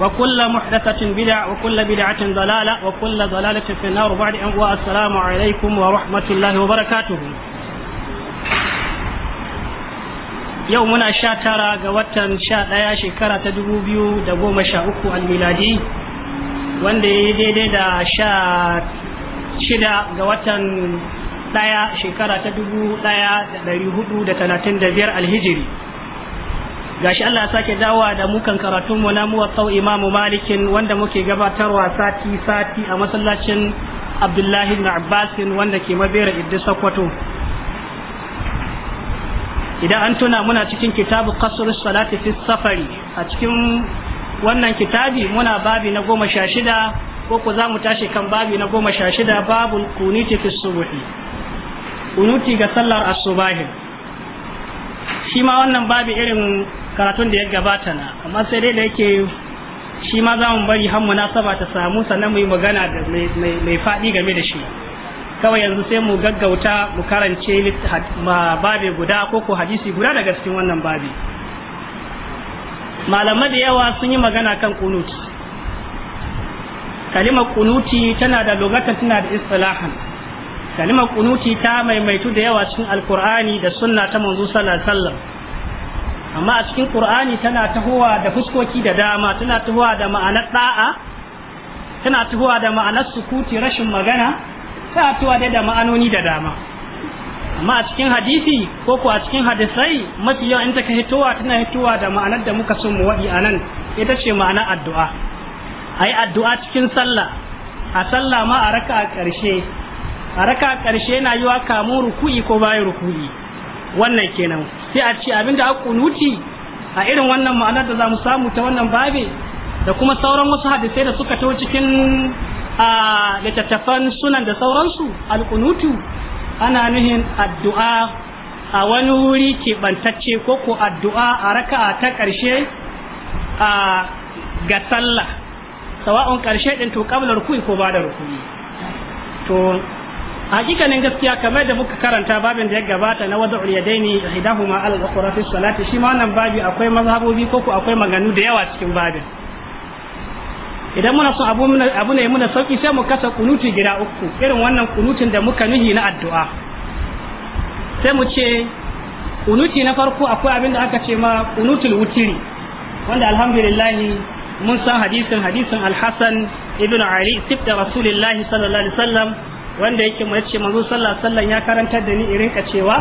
وكل محدثة بدعة وكل بدعة ضلالة وكل ضلالة في النار بعد أن السلام عليكم ورحمة الله وبركاته يومنا شاترا قوتا شاء يا شكرا تدبو بيو دبو مشاوكو الميلادي وان دي دي دي دا شا شدا قوتا daya shekara ta dubu daya da dari hudu da talatin da biyar alhijiri gashi Allah ya sake dawowa da mu kan karatun mu na muwattau Imam Malik wanda muke gabatarwa sati sati a masallacin Abdullahi ibn Abbas wanda ke Mabera Idda Sokoto idan an tuna muna cikin kitabu qasr salati fi safari a cikin wannan kitabi muna babi na goma sha shida ko ku za mu tashi kan babi na goma sha shida babul kuniti fi subuhi kunuti ga sallar asubahin shi ma wannan babi irin karatun da ya gabata na amma sai dai da yake shi ma za mu bari har munasaba ta samu sannan mu yi magana da mai faɗi game da shi kawai yanzu sai mu gaggauta mu karance babe guda ko ko hadisi guda daga cikin wannan babi malamai da yawa sun yi magana kan kunuti kalimar kunuti tana da lokata tana da istilahan kalimar kunuti ta maimaitu da yawa cikin alkur'ani da sunna ta manzo sallallahu alaihi wasallam amma a cikin qur'ani tana tahowa da fuskoki da dama tana tahowa da ma'anar da'a tana tahowa da ma'anar sukuti rashin magana tana tahowa da ma'anoni da dama amma a cikin hadisi ko ko a cikin hadisai mafi yawa in ta ka hitowa tana hitowa da ma'anar da muka so mu waɗi a nan ita ce ma'ana addu'a ai addu'a cikin sallah a sallah ma a raka a ƙarshe a raka a ƙarshe yi yiwa kamun ruku'i ko bayan ruku'i wannan kenan sai a ce abinda a kunuti a irin wannan ma'anar da za mu samu ta wannan babe da kuma sauran wasu hadisai da suka taho cikin a littattafan sunan da sauransu alkunutu ana nuhin addu'a a wani wuri keɓantacce ko ko addu'a a raka'a ta ƙarshe a ga sallah sawa'un ƙarshe ɗin to ƙablar rukui ko ba da rukuni? to hakikanin gaskiya kamar da muka karanta babin da ya gabata na wadda wada uliyadaini ihdahuma al ukhra fi salati shi ma wannan babi akwai mazhabobi ko ko akwai maganu da yawa cikin babin idan muna so abu ne muna sauki sai mu kasa kunuti gida uku irin wannan kunutin da muka nuhi na addu'a sai mu ce kunuti na farko akwai abin da aka ce ma kunutul wutiri wanda alhamdulillah mun san hadisin hadisin alhassan ibn Ali sibta Rasulillahi sallallahu alaihi wasallam wanda yake mace manzo sallallahu alaihi wasallam ya karantar da ni irin ka cewa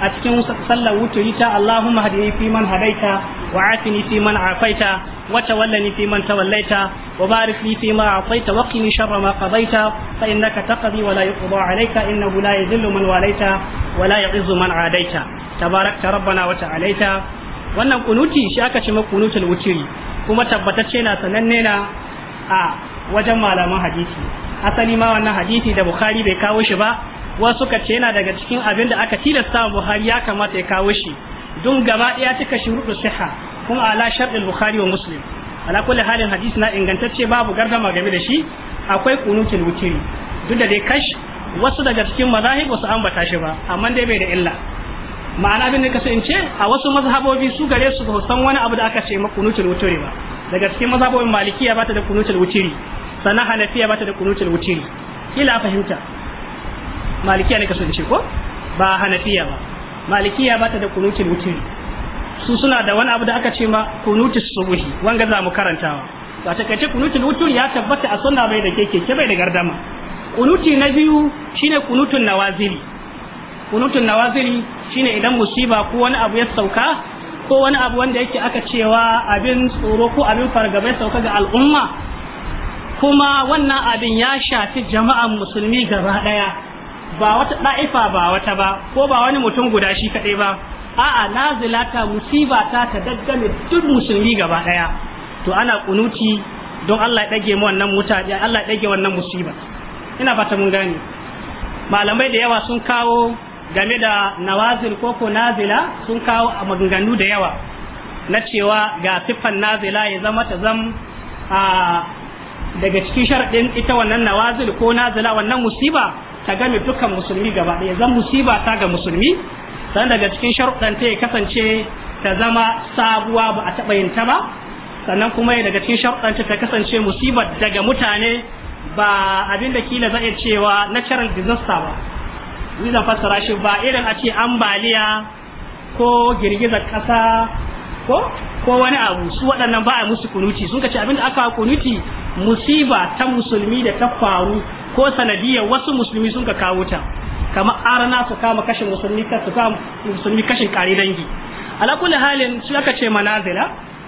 a cikin sallar wuturi ta Allahumma hadini fi man hadaita wa afini fi man afaita wa tawallani fi man tawallaita wa barik li fi ma ataita wa qini sharra ma qadaita fa innaka taqdi wa la yuqda alayka innahu la yadhillu man walaita wa la yu'izzu man adaita tabarakta rabbana wa ta'alaita wannan kunuti shi aka ce ma kunutul wuturi kuma tabbatacce na sananne na a wajen malaman hadisi asali ma wannan hadisi da bukhari bai kawo shi ba wasu suka ce yana daga cikin abin da aka tilasta wa buhari ya kamata ya kawo shi don gaba ɗaya cika shuruɗu siha kuma ala sharɗin bukhari wa muslim ala kulli halin hadisi na ingantacce babu gardama game da shi akwai kunutul wutiri duk da dai kash wasu daga cikin mazahib wasu ambata shi ba amma dai bai da illa ma'ana abin da kasa in ce a wasu mazhabobi su gare su ba san wani abu da aka ce makunutul wuturi ba daga cikin mazhabobin malikiya ba ta da kunutul wutiri sana hanafiya bata da kunutul wutiri kila fahimta malikiya ne kasance ko ba hanafiya ba malikiya bata da kunutul wutiri su suna da wani abu da aka ce ma kunutul subuhi wanga za mu karantawa to a ce kunutul wutiri ya tabbata a sunna bai da keke ke bai da gardama kunuti na biyu shine kunutul nawazili kunutul nawazili shine idan musiba ko wani abu ya sauka ko wani abu wanda yake aka cewa abin tsoro ko abin fargaba ya sauka ga al'umma kuma wannan abin ya shafi jama'an musulmi gaba ɗaya ba wata ɗa'ifa ba wata ba ko ba wani mutum guda shi kaɗai ba a'a nazilata musiba ta ta daggame duk musulmi gaba ɗaya to ana kunuti don Allah ya dage mu wannan mutane Allah ya dage wannan musiba ina fata mun gane malamai da yawa sun kawo game da nawazil ko ko nazila sun kawo a maganganu da yawa na cewa ga siffan nazila ya zama ta zam a daga cikin sharɗin ita wannan nawazil ko nazila wannan musiba ta game dukkan musulmi gaba ɗaya zan musiba ta ga musulmi sannan daga cikin sharuɗan ta ya kasance ta zama sabuwa ba a taɓa yin ta ba sannan kuma daga cikin sharuɗan ta kasance musiba daga mutane ba abin da kila za a cewa natural disaster ba ni zan fassara shi ba irin a ce ambaliya ko girgizar ƙasa ko ko wani abu su waɗannan ba a musu kunuci sun ka ce abinda aka kunuci musiba ta musulmi da ta faru ko sanadiyar wasu musulmi sun ka kawo ta kama arana su kama kashin musulmi ka su kama musulmi kashin kare dangi alakuli halin su aka ce manazila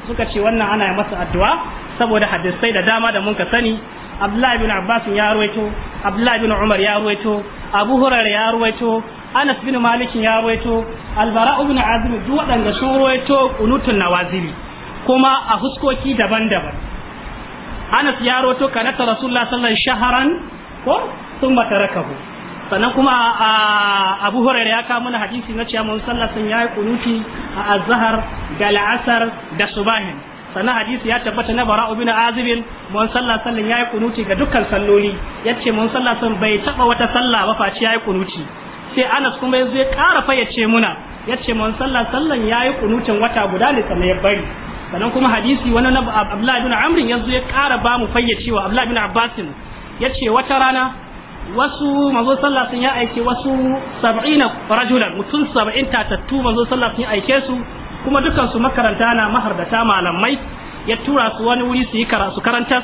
suka ce wannan ana masa addu'a saboda hadisai da dama da mun ka sani Abdullahi bin Abbas ya ruwaito Abdullahi bin Umar ya ruwaito Abu hurar ya ruwaito anas bin malik ya ruwaito albara ibn azim duk waɗanda sun ruwaito kunutun nawaziri kuma a huskoki daban-daban anas ya ruwaito kanata rasulullah sallallahu alaihi shaharan ko thumma rakabu, sannan kuma a abu hurairah ya kawo mana hadisi na cewa mun sallah sun yi kunuti a azhar da La'asar, da subahin sannan hadisi ya tabbata na bara'u bin azibin mun sallah ya yayi kunuti ga dukkan salloli yace mun sallah sun bai taba wata sallah ba face yayi kunuti sai Anas kuma yanzu ya ƙara fayyace muna yace mun sallah sallan ya yi kunutin wata guda ne sannan ya bari sannan kuma hadisi wani na Abdullahi bin Amr yanzu ya ƙara ba mu fayyacewa Abdullahi bin Abbas ce wata rana wasu manzo sallah sun yi aike wasu 70 rajulan mutum 70 tatattu manzo sallah sun yi aike su kuma dukan makaranta na mahardata malamai ya tura su wani wuri su yi karatu karantar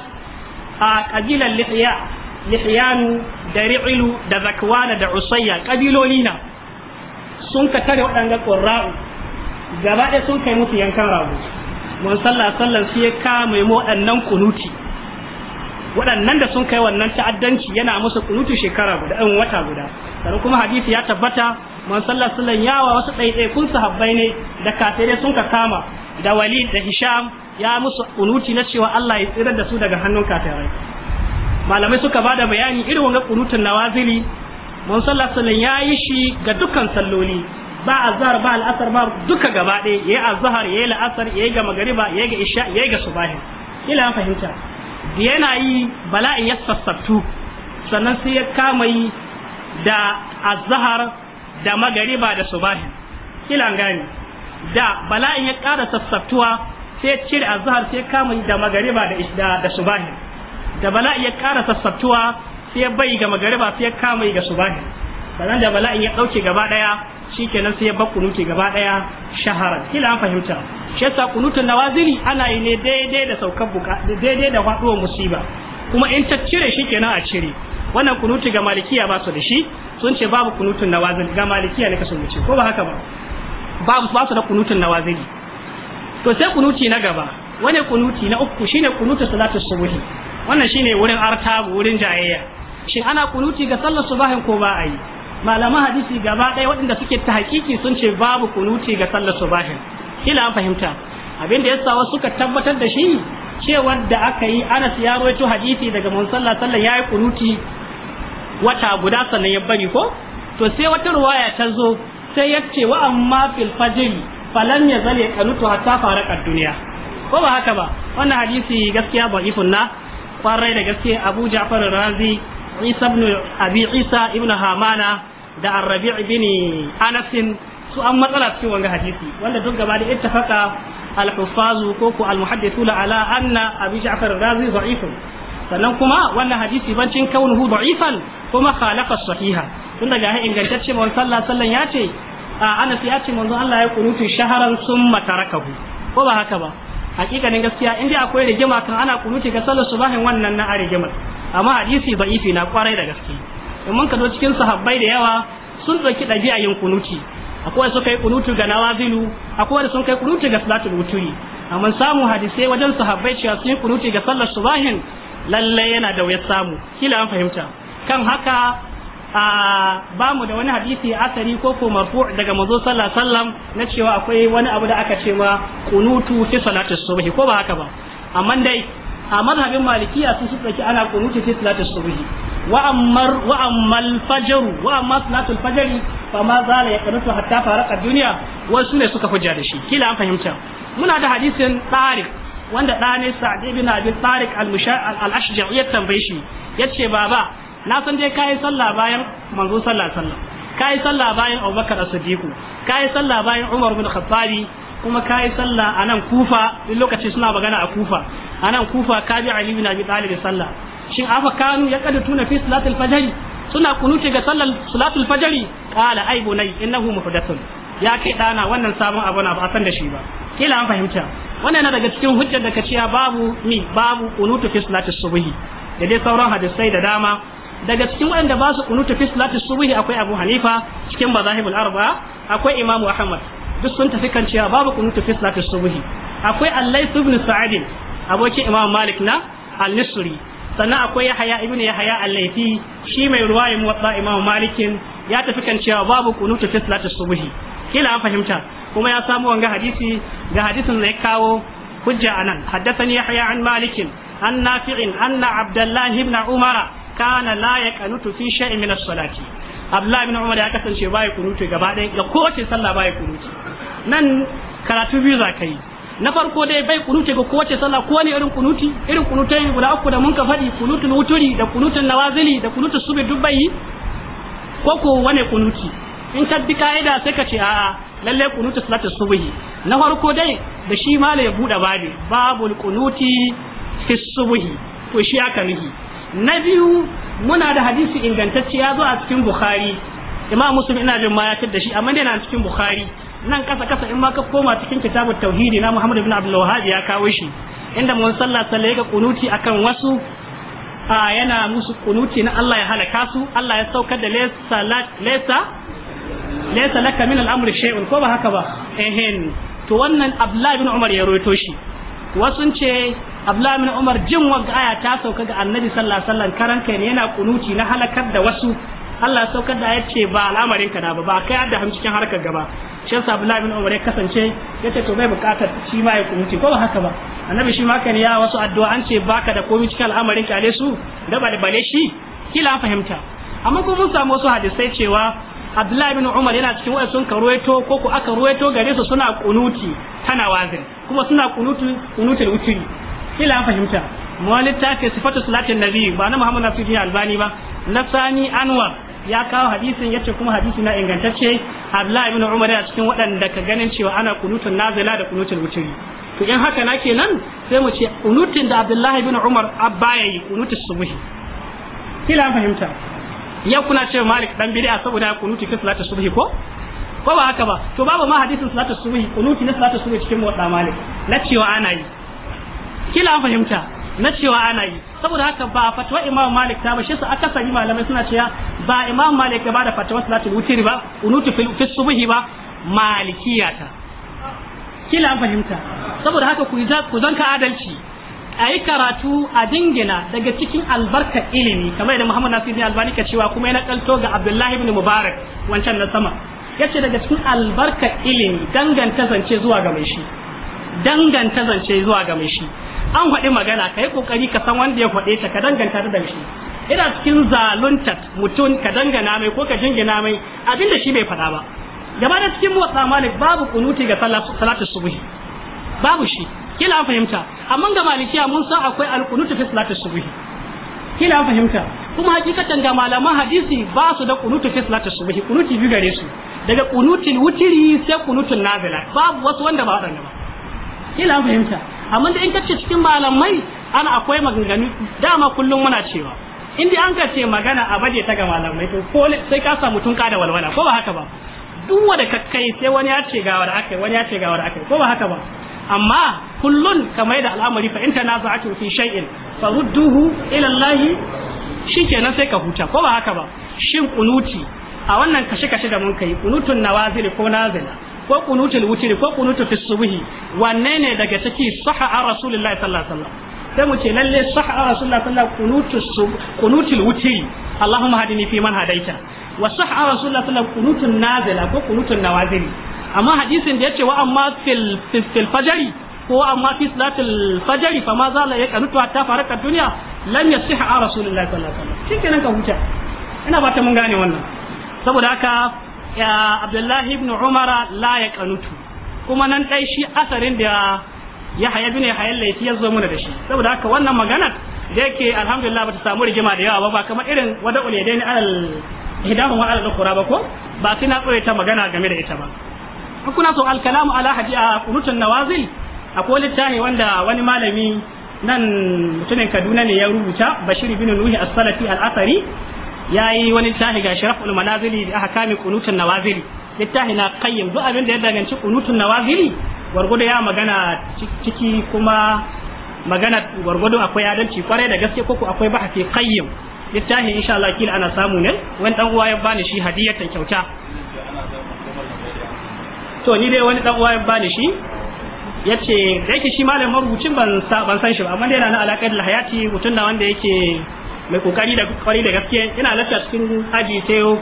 a kabilan lihiya mihyanu da ri'ilu da zakwana da usayya kabiloli na sun ka tare waɗanda ƙurra'u gaba ɗaya sun kai musu yankan rago mun sallah sallan sai ya kama mu waɗannan kunuti waɗannan da sun kai wannan ta'addanci yana musu kunutu shekara guda ɗan wata guda sannan kuma hadisi ya tabbata mun sallah sallan yawa wasu ɗaiɗaikun sahabbai ne da kafirai sun ka kama da walid da hisham ya musu kunuti na cewa Allah ya tsira da su daga hannun kafirai malamai suka ba da bayani irin wanga qunutun nawazili mun sallan ya yi shi ga dukkan salloli ba azhar ba al'asar ba duka gaba ɗaya yayi azhar yayi al'asar yayi ga magriba yayi ga isha yayi ga subahi kila an fahimta yana yi bala'in ya sassabtu sannan sai ya kama yi da azhar da magariba da subahi kila an gane da bala'in ya ƙara sassabtuwa sai ya cire azhar sai ya kama yi da magariba da da subahi da bala'i ya ƙara sassabtuwa sai bai ga magariba sai ya kama ga subahi sannan da bala'in ya ɗauke gaba ɗaya shikenan sai ya bar kunuti gaba ɗaya shahara kila an fahimta shi yasa kunutun nawazili ana yi ne daidai da saukar buka daidai da faɗuwar musiba kuma in ta cire shikenan a cire wannan kunuti ga malikiya ba su da shi sun ce babu kunutun nawazili ga malikiya ne ka sun ce ko ba haka ba babu ba su da kunutun nawazili to sai kunuti na gaba wani kunuti na uku shine kunutu salatu subuhi wannan shine wurin artabu wurin jayayya shin ana kunuti ga sallar subahin ko ba a yi malaman hadisi gaba ɗaya waɗanda suke ta hakiki sun ce babu kunuti ga sallar subahin kila an fahimta abin da yasa wasu suka tabbatar da shi cewa da aka yi Anas ya rawaito hadisi daga mun sallah sallan yayi kunuti wata guda sannan ya bari ko to sai wata ruwaya ta zo sai ya ce wa amma fil fajr falan ya zale kanutu hatta faraqat duniya ko ba haka ba wannan hadisi gaskiya ba ifunna kwarai da gaske abu ja'far razi isa ibn abi isa ibn hamana da arrabi ibn anas su an matsala cikin wanga hadisi wanda duk gaba da ittafaqa al-huffazu ko ku al-muhaddithuna ala anna abi ja'far razi da'ifun sannan kuma wannan hadisi bancin kaunuhu da'ifan kuma khalaqa sahiha tun daga ingantacce mun sallah sallan ya ce a Anas ya ce manzo Allah ya kunutu shaharan summa tarakahu ko ba haka ba hakikanin gaskiya in dai akwai rigima kan ana kunuti ga sallar subahin wannan na a rigimar amma hadisi da'ifi na kwarai da gaske in mun ka kado cikin sahabbai da yawa sun ɗauki ɗabi'a yin kunuti akwai su kai kunutu ga nawazilu akwai sun kai kunuti ga salatul wuturi amma samu hadisai wajen sahabbai cewa sun yi kunuti ga sallar subahin lallai yana da wuyar samu kila an fahimta kan haka ba mu da wani hadisi asari ko ko marfu daga manzo sallallahu alaihi wasallam na cewa akwai wani abu da aka ce ma kunutu fi salati subhi ko ba haka ba amma dai a mazhabin malikiya sun su tsaki ana kunutu fi salati subhi wa ammar wa ammal fajr wa amma salatul fajr fa ma zala yaqnutu hatta faraqa dunya wasu ne suka hujja da shi kila an fahimta muna da hadisin tariq wanda ɗane sa'd ibn abi tariq al-ashja'i ya tambaye shi yace baba na san dai kayi sallah bayan manzo sallah sallah kayi sallah bayan Abubakar As-Siddiq kayi sallah bayan Umar bin Khattabi kuma kayi sallah anan Kufa duk lokacin suna magana a Kufa anan Kufa kabi bi Ali bin Abi Talib sallah shin afa kanu ya kada tuna fi salatul fajr suna kunuti ga sallar salatul fajr qala ai bunai innahu muhdathun ya kai dana wannan sabon abu na ba san da shi ba kila an fahimta wannan na daga cikin hujjar da kaciya babu ni babu kunutu fi salatul subhi da dai sauran hadisai da dama daga cikin waɗanda ba su kunuta fi salati subhi akwai Abu Hanifa cikin mazahibul arba'a akwai Imam Ahmad duk sun tafi kan cewa babu kunuta fi salati subuhi akwai al ibn Sa'id abokin Imam Malik na Al-Nisri sannan akwai Yahya ibn Yahya al shi mai ruwaya muwatta Imam Malikin ya tafi kan cewa babu kunuta fi salati subhi kila an fahimta kuma ya samu wanga hadisi ga hadisin da ya kawo hujja anan haddathani Yahya an Malikin an Nafi'in anna Abdullah ibn Umara kana la kanutu fi shay'in min as-salati Abdullah ibn Umar ya kasance bai kunuti gaba ɗaya ga kowace sallah bai kunuti nan karatu biyu za ka yi na farko dai bai kunuti ga kowace sallah ko ne irin kunuti irin kunutai guda uku da mun ka faɗi kunutun wuturi da kunutun nawazili da kunutun subi dubbai ko ko wane kunuti in ka bi ka'ida sai ka ce a'a lalle kunutu salatu subhi na farko dai da shi ma ya bude babu babul kunuti fi subhi to shi aka mihi na biyu muna da hadisi ingantacce ya zo a cikin bukhari imam muslim ina jin ma ya da shi amma yana cikin bukhari nan kasa kasa in ma ka koma cikin kitabut tauhidi na muhammad bin abdul wahhab ya kawo shi inda mun sallah sallai ga kunuti akan wasu a yana musu kunuti na Allah ya halaka su Allah ya saukar da lesa laysa laka min al-amri ko ba haka ba to wannan abdullah ibn umar ya roto shi wasu ce Abdullahi bin Umar jin wa aya ta sauka ga Annabi sallallahu alaihi wasallam karan kai ne yana kunuci na halakar da wasu Allah saukar da yace ba al'amarin ka na ba ba kai da ham harkar gaba shi sa Abdullahi bin Umar ya kasance yace to bai bukatar shi ma ya kunuti ko ba haka ba Annabi shi ma kan ya wasu addu'a an ce baka da komai cikin al'amarin ka su da bale shi kila fahimta amma ko mun samu wasu hadisai cewa Abdullahi bin Umar yana cikin wa'in sun karuwaito ko ku aka ruwaito gare su suna kunuti tana wazin kuma suna kunutu kunutul wuturi kila an fahimta mawalita ke sifatu salatin nabi ba na muhammad nasiru albani ba na sani anwar ya kawo hadisin yace kuma hadisi na ingantacce abdullahi ibn umar a cikin waɗanda ka ganin cewa ana kunutun nazila da kunutun wuturi to in haka na kenan sai mu ce kunutun da abdullahi ibn umar abba yayi kunutun subuhi kila an fahimta yau kuna ce malik dan bid'a saboda kunutun ta salatin subhi ko ko ba haka ba to babu ma hadisin salatin subhi kunuti na salatu subhi cikin muwadda malik na cewa ana yi kila an fahimta na cewa ana yi saboda haka ba fatwa imam malik ta ba shi su sani malamai suna cewa ba imam malik ya bada su salatul wutri ba unutu fi subhi ba malikiya ta kila an fahimta saboda haka ku ku zanka adalci a yi karatu a dingina daga cikin albarka ilimi kamar yadda muhammad nasiru albani ka cewa kuma yana kalto ga abdullahi ibn mubarak wancan na sama ya ce daga cikin albarka ilimi danganta zance zuwa ga mai shi danganta zance zuwa ga mai shi an faɗi magana ka yi ƙoƙari ka san wanda ya faɗe ta ka danganta da shi ina cikin zalunta mutum ka dangana mai ko ka jingina mai abinda shi bai faɗa ba gaba da cikin motsa malik babu kunuti ga salatu subhi babu shi kila an fahimta amma ga malikiya mun san akwai alkunutu fi salatu subhi kila an fahimta kuma hakikatan ga malaman hadisi ba su da kunutu fi salatu subhi kunuti biyu gare su daga kunutin wutiri sai kunutin nazila babu wasu wanda ba waɗanda ba kila fahimta amma da in ka ce cikin malamai ana akwai maganganu dama kullum muna cewa in an ka ce magana a baje ta ga malamai to ko sai ka samu tun ka da walwala ko ba haka ba duk wanda ka kai sai wani ya ce ga akai wani ya ce ga akai ko ba haka ba amma kullun kamar da al'amari fa inta naza'atu fi shay'in rudduhu ila Allah shikenan sai ka huta ko ba haka ba shin kunuti a wannan kashe kashe da mun kai kunutun nawazil ko nazila ko kunutul wutri ko kunutu fi subhi wanne ne daga ciki saha a rasulullahi sallallahu alaihi wasallam sai mu ce lalle saha a rasulullahi sallallahu alaihi wasallam kunutu sub kunutul wutri allahumma hadini fi man hadaita wa saha a rasulullahi sallallahu alaihi wasallam kunutun nazila ko kunutun nawazili amma hadisin da yace wa amma fil fil fajri ko amma fi salatul fajri fa ma zala ya kanutu hatta faraka dunya lam yasih a rasulullahi sallallahu alaihi wasallam shikenan ka huta ina ba ta mun gane wannan saboda haka abdullahi ibn umar la ya kanutu kuma nan dai shi asarin da ya haya bin ya hayar ya zo mana da shi saboda haka wannan magana da yake alhamdulillah bata samu rigima da yawa ba ba kamar irin wada ulaydain al hidahu wa al qura ba ko ba sai na tsoye ta magana game da ita ba kuna so al kalamu ala hadi a qunutun nawazil akwai littafi wanda wani malami nan mutumin Kaduna ne ya rubuta Bashir bin Nuhi as-Salafi al-Athari ya yi wani tahi ga sharhul manazili da aka ahkami qunutun nawazili littahi na kayyam duk abin da ya danganci qunutun nawazili wargudu ya magana ciki kuma magana wargudu akwai adalci kwarai da gaske koko akwai bahasi kayyam littahi insha Allah kila ana samu ne wani dan uwa ya bani shi hadiyatan kyauta to ni dai wani dan uwa ya bani shi yace da yake shi malamin marubucin ban san shi ba amma dai yana na alaƙar hayati mutum da wanda yake mai kokari da kwari da gaske yana lafiya cikin aji sai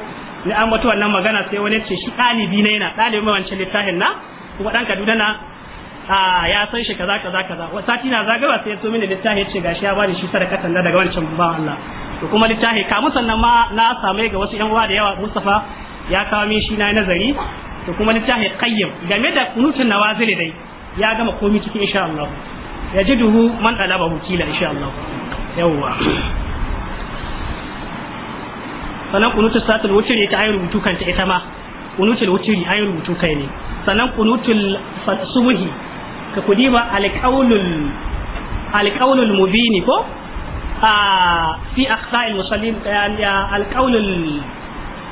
ni an mutu wannan magana sai wani ce shi ɗalibi na yana mai wancan littafin na kuma ɗan kaduna na a ya san shi kaza kaza kaza wa sati na zagaba sai ya so mini littafin ce gashi ya bani shi sarka tanda daga wancan ba Allah to kuma littafi kamun sannan ma na same ga wasu yan uwa da yawa Mustafa ya kawo min shi na nazari to kuma littafi qayyim game da kunutun nawazili dai ya gama komai cikin insha Allah yajiduhu man talaba kila insha Allah yawwa sannan kunutul salatul wutri ita ayi rubutu kanta ita ma kunutul wutri ayi rubutu kai ne sannan kunutul subuhi ka kudi ba alqaulul alqaulul mubini ko a fi akhta'il musallin alqaulul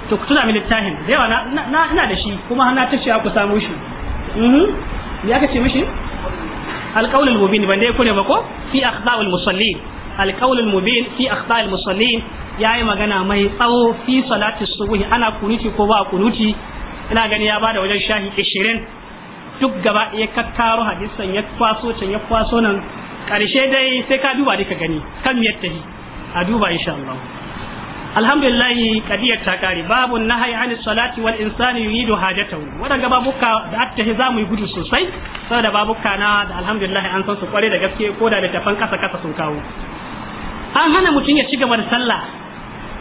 to ku tuna min littafin da yawa na ina da shi kuma na ta cewa ku samu shi mhm. me aka ce mishi alqaulul mubin ban dai kure ba ko fi akhda'ul musallin alkaulul mubin fi akhta'il musallin yayi magana mai tsawo fi salati subuhi ana kunuti ko ba kunuti ina gani ya bada wajen shahi 20 duk gaba ya kakkaro hadisan ya kwaso can ya kwaso nan karshe dai sai ka duba duka gani kan miyar a duba insha Allah alhamdulillah kadiyar ta kare babu nahyi an salati wal insani yuridu hajatahu wadanga babuka da attahi za mu yi gudu sosai saboda babuka na da alhamdulillah an san su kware da gaske ko da littafan kasa kasa sun kawo an hana mutum ya ci gaba da sallah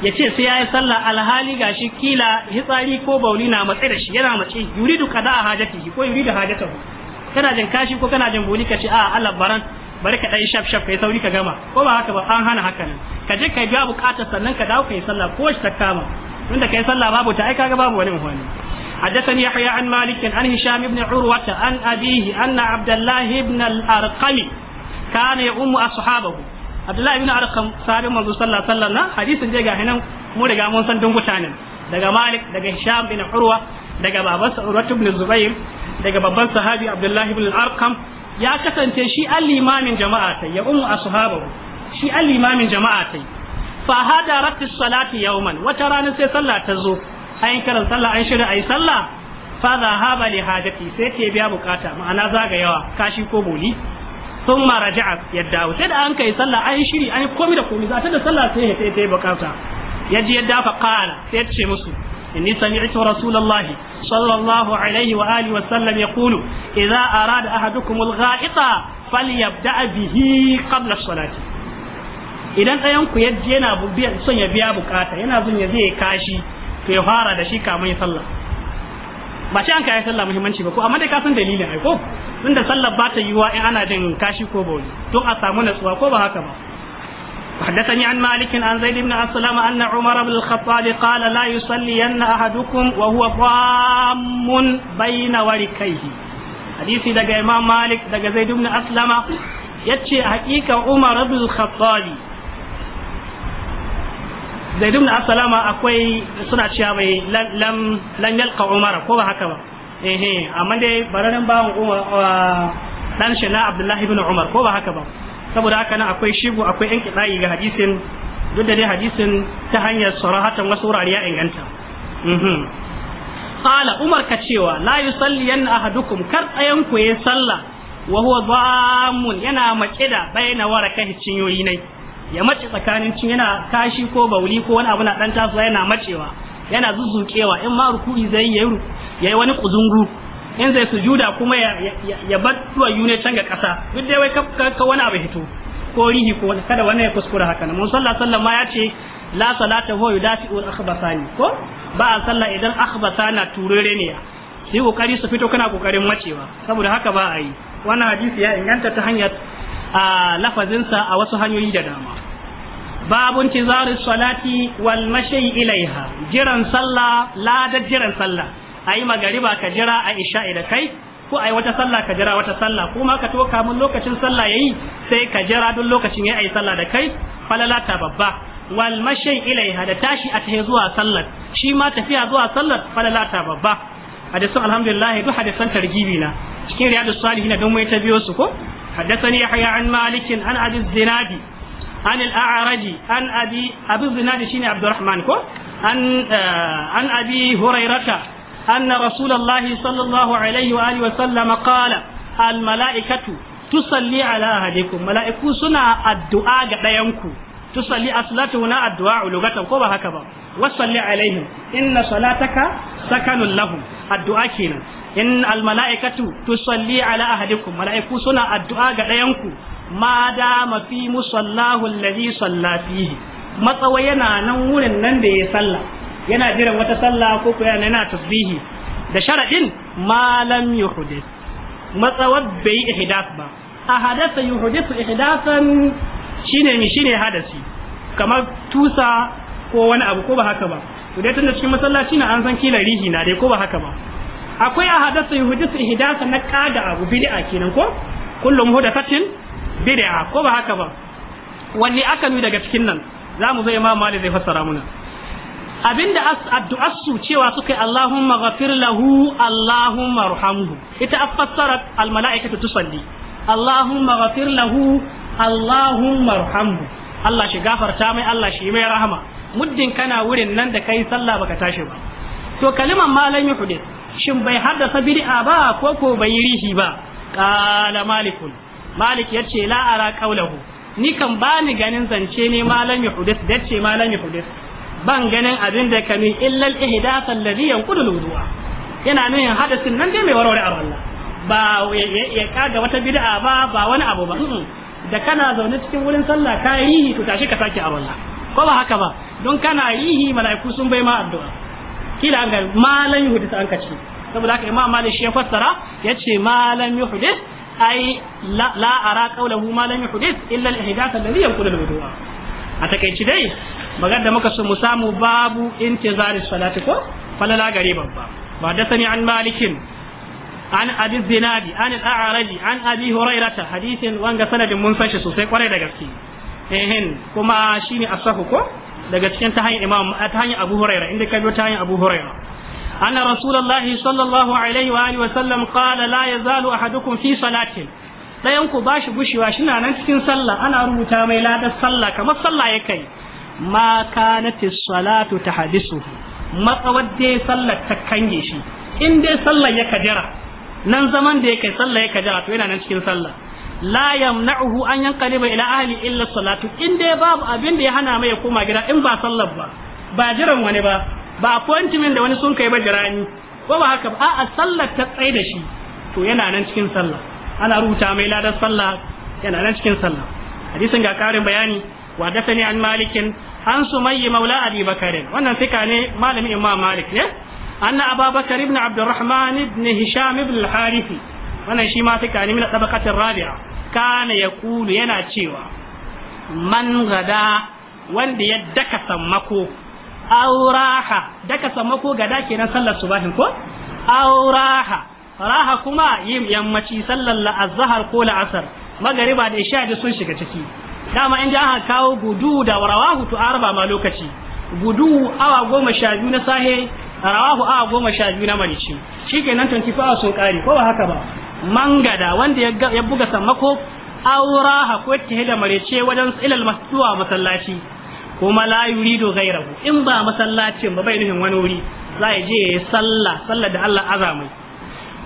ya ce sai ya yi sallah alhali ga shi kila hitsari ko bauli na matse da shi yana mace yuridu kada a hajatihi ko yuridu hajatahu kana jin kashi ko kana jin boli ka ce a Allah baran bari ka dai shaf shaf kai sauri ka gama ko ba haka ba an hana haka nan ka je kai biya bukatar sannan ka dawo kai sallah ko shi ta kama tunda kai sallah babu ta ai kaga babu wani muhani حدثني يحيى عن مالك عن هشام بن عروة عن أبيه أن عبد الله بن الأرقم كان يؤم أصحابه abdullahi ibn arqam Sabin manzo sallallahu alaihi wasallam na hadisin je ga hinan mu riga mun san dungutanin daga malik daga hisham bin urwa daga baban urwa ibn zubair daga babban sahabi abdullahi ibn arqam ya kasance shi al-imamin jama'a tai ya ummu ashabahu shi al-imamin jama'a tai fa hadarat as-salati yawman wata rana sai sallah ta zo an karan sallah an shirya ayi sallah fa dhahaba li hajati sai ta biya bukata ma'ana zaga yawa kashi ko boli sun mara ya dawo sai da an kai sallah an yi shiri an yi komi da komi za ta da sallah sai ya ta yi bukata ya ji yadda fa kala sai ce musu inni sami'tu rasulullahi sallallahu alaihi wa alihi wa sallam yaqulu idza arada ahadukum al-gha'ita falyabda bihi qabla as-salati idan ɗayan ku yana son ya biya bukata yana son ya zai kashi to ya fara da shi kamun sallah ba shi an kai sallah muhimmanci ba ko amma dai ka san dalilin ai ko tunda sallar ba ta yiwa in ana jin kashi ko bauli don a samu natsuwa ko ba haka ba حدثني عن مالك عن زيد بن أسلم أن عمر بن الخطاب قال لا يصلين أحدكم وهو ضام بين وركيه حديث دقى إمام مالك دقى زيد بن أسلم يتشي حقيقة عمر بن الخطاب zaidu na asalama akwai suna cewa mai lan yalka yalqa umar ko ba haka ba eh amma dai bararin ba dan shi na abdullahi ibn umar ko ba haka ba saboda haka nan akwai shigo akwai yan kidayi ga hadisin duk da dai hadisin ta hanyar sarahatan wasu wurare ya inganta qala umar ka cewa la yusalliyan ahadukum kar tsayan ku ya sallah wa huwa dhamun yana maƙida bayna warakahi cinyoyi ne. ya mace tsakanin cin yana kashi ko bauli ko wani abu na dan tasowa yana macewa yana zuzukewa in ma rukuri zai yayi yayi wani kuzungu in zai sujuda kuma ya ya bar tuwa yune can ga kasa duk dai wai ka wani abu hito ko rihi ko kada wannan ya kuskura haka nan musalla sallallahu alaihi wasallam ya ce la salata huwa yudafi'ul akhbasani ko ba a sallah idan akhbasana turere ne sai kokari su fito kana kokarin macewa saboda haka ba a yi wannan hadisi ya inganta ta hanyar a lafazinsa a wasu hanyoyi da dama babun tizari salati wal mashi ilaiha jiran sallah ladar jiran sallah a yi magariba ka jira a isha'i da kai ko a yi wata sallah ka jira wata sallah ko ma ka to mun lokacin sallah yayi sai ka jira duk lokacin ya yi sallah da kai falalata babba wal mashi ilaiha da tashi a tahe zuwa sallar shi ma tafiya zuwa sallar falalata babba hadisan alhamdulillah duk hadisan targibi na cikin riyadus salihin don mai ta biyo su ko حدثني يحيى عن مالك عن أبي الزناد عن الأعرج عن أبي أبي الزناد شيني عبد الرحمن كو عن عن أبي هريرة أن رسول الله صلى الله عليه وسلم قال الملائكة ala ahadikum mala'iku suna addu'a ga ɗayanku tusalli aslatu na addu'a lugatan ko ba haka ba wasalli alaihim inna salataka sakanun addu'a kenan in almala'ikatu tusalli ala ahadikum mala'iku suna addu'a ga ɗayanku ma da mafi musallahu allazi salla fihi matsawa yana nan wurin nan da ya salla yana jiran wata sallah ko ko yana yana tasbihi da sharadin ma lam yuhdith matsawa bai ihdath ba ahadatha yuhdithu ihdathan shine mi shine hadasi kamar tusa ko wani abu ko ba haka ba to dai tunda cikin masallaci na an san kila rihi na dai ko ba haka ba akwai ahadasu yuhdisu ihdasa na kaga abu bid'a kenan ko kullu muhdathatin bid'a ko ba haka ba wanne aka nuna daga cikin nan zamu zo imam malik zai fassara muna abinda addu'ar su cewa suka yi Allahumma ghafir lahu Allahumma arhamhu ita afassarat al mala'ikatu tusalli Allahumma ghafir lahu Allahumma arhamhu Allah shi gafarta mai Allah shi mai rahama muddin kana wurin nan da kai sallah baka tashi ba to kaliman malami yuhdith shin bai haddasa bid'a ba ko ko bai yi rihi ba qala malikun malik yace la ara qawluhu ni kan bani ganin zance ne malam yuhdith dace malam yuhdith ban ganin abin da kanu illa al ihdath alladhi yanqudu al wudu'a yana nuhin hadasin nan dai mai warware a Allah ba ya kaga wata bid'a ba ba wani abu ba da kana zaune cikin wurin sallah ka yi to tashi ka sake a ko ba haka ba don kana yi mala'iku sun bai ma addu'a kila ga malam yuhdis an kace saboda haka imam malik shi ya fassara yace malam yuhdis ai la ara qawluhu malam yuhdis illa al-ihdath alladhi yanqulu al-wudu'a a takeici dai magar da muka so mu samu babu intizari salati ko falala gare babba ba da sani an malikin an abi zinabi an al-a'raji an abi hurairata hadisin wanga sanadin mun san shi sosai kwarai da gaske ehin kuma shine asahu ko daga cikin ta hanyar imam ta hanyar abu huraira inda ka biyo ta hanyar abu huraira anna rasulullahi sallallahu alaihi wa alihi wa sallam qala la yazalu ahadukum fi salatin dayan ku bashi gushewa shina nan cikin sallah ana rubuta mai ladar sallah kamar sallah ya kai ma kanat salatu tahadisuhu matsawar dai sallar ta kange shi in dai sallar ya kajira nan zaman da ya kai sallar ya kajira to yana nan cikin sallah la yamna'uhu an yanqaliba ila ahli illa salatu in dai babu abin da ya hana mai koma gida in ba sallar ba ba jiran wani ba ba appointment da wani sun kai ba jirani ko ba haka ba a sallar ta tsaye da shi to yana nan cikin sallah ana rubuta mai ladar sallah yana nan cikin sallah hadisin ga karin bayani wa dafani an malikin an sumayyi maula abi bakarin wannan fika ne malamin imam malik ne anna ababakar ibn abdurrahman ibn hisham ibn al-harithi wannan shi ma suka nemi na tabaqatir rabi'a kana yaqulu yana cewa man gada wanda ya daka sammako auraha daka sammako gada kenan sallar subahin ko auraha raha kuma yin yammaci sallar azhar ko la'asar magariba da isha da sun shiga ciki dama in ji aka kawo gudu da rawahu to arba ma lokaci gudu awa goma sha biyu na sahe rawahu awa goma sha biyu na marici shi kenan 24 hours sun kare ko ba haka ba mangada wanda ya buga sammako auraha ko ta da marece wajen ilal masuwa masallaci kuma la zai ghayrahu in ba masallacin ba bai nufin wani wuri za ya je ya sallah sallah da Allah azami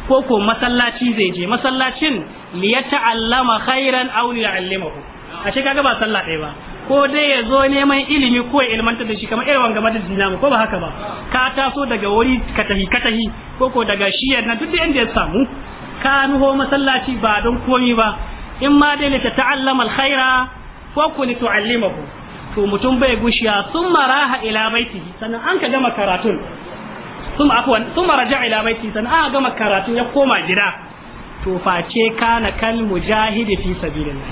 ko ko masallaci zai je masallacin li ya ta'allama khairan aw li ya'allimahu a shi kaga ba salla ɗaya ba ko dai ya zo neman ilimi ko ya da shi kamar irin wanga madadin dinamu ko ba haka ba ka taso daga wuri katahi katahi ko ko daga shiyar na duk da inda ya samu ka masallaci ba don komi ba in ma dai ta ta'allama alkhaira ko ku li tu'allimahu to mutum bai gushiya sun maraha ila baitihi sannan an ka gama karatun sun afwan sun maraja ila sannan an gama karatun ya koma gida to face kana kal mujahidi fi sabilillah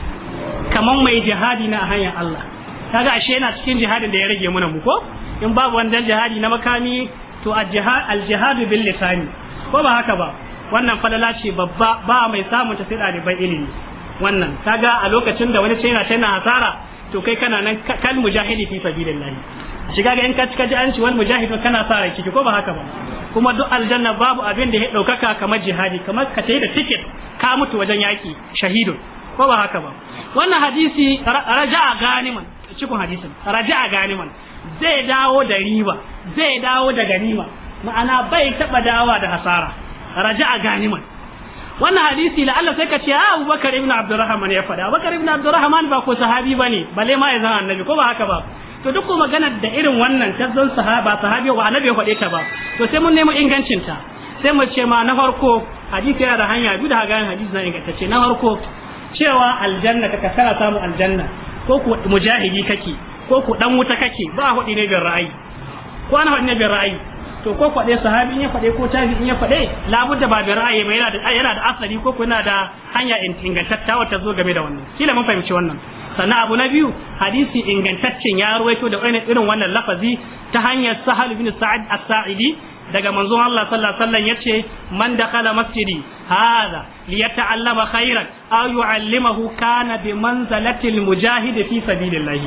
kaman mai jihadi na hanyar Allah kaga ashe yana cikin jihadin da ya rage mana mu ko in babu wannan jihadi na makami to al-jihadu bil lisani ko ba haka ba wannan falala ce babba ba mai samun ta sai ɗaliban ilimi wannan kaga a lokacin da wani cina tana hasara to kai kana nan kal mujahidi fi sabilillah shiga ga in ka cika ji an ci kana sa rai ciki ko ba haka ba kuma duk aljanna babu abin da ya ɗaukaka kamar jihadi kamar ka tayi da ticket ka mutu wajen yaki shahidun ko ba haka ba wannan hadisi raja'a ganiman cikin hadisin raja'a ganiman zai dawo da riba zai dawo da ganima ma'ana bai taba dawa da hasara raja'a man wannan hadisi la Allah sai ka ce ah, Abubakar ibn Abdurrahman ya fada Abubakar ibn Abdurrahman ba ko sahabi bane balle ma ya zama annabi ko ba haka ba to duk maganar da irin wannan ta zan sahaba sahabi wa annabi ya ta ba to sai mun nemo ingancin ta sai mu ce ma na farko hadisi yana da hanya biyu da hagan hadisi na ingantacce na farko cewa aljanna ka kasara samu aljanna ko ku mujahidi kake ko ku dan wuta kake ba hudi ne bin ra'ayi ko ana hudi ne bin ra'ayi to ko faɗe sahabi ya faɗe ko tafi in ya faɗe labudda ba bi ra'ayi ba yana da yana da asali ko ko yana da hanya ingantatta wata zo game da wannan kila mun fahimci wannan sannan abu na biyu hadisi ingantaccen ya ruwaito da irin wannan lafazi ta hanyar sahal bin sa'id as-sa'idi daga manzon Allah sallallahu alaihi wasallam yace man dakhala masjidi hadha liyata'allama khairan aw yu'allimahu kana bi manzalati mujahid fi sabilillah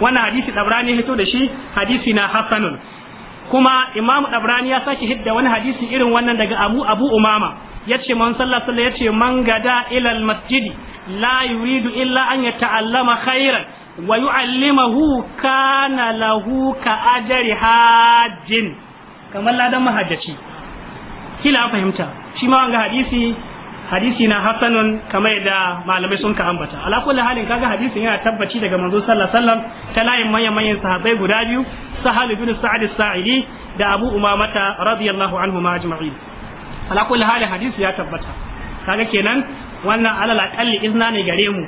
wannan hadisi dabrani hito da shi hadisi na hasanun kuma imamu dabrani ya sake hidda wani hadisi irin wannan daga abu abu umama yace man sallallahu alaihi yace man gada ila almasjidi la yuridu illa an yata'allama khairan wa yu'allimahu kana lahu ka ajri hajjin kamar ladan mahajjaci kila fahimta shi ma wanga hadisi hadisi na hasanun kamar da malamai sun ka ambata ala kulli halin kaga hadisin yana tabbaci daga manzo sallallahu alaihi wasallam ta layin manyan manyan sahabbai guda biyu sahal bin sa'ad as-sa'idi da abu umamata radiyallahu anhu ma ajma'in ala kulli halin hadisi ya tabbata kaga kenan wannan alal aqalli izna ne gare mu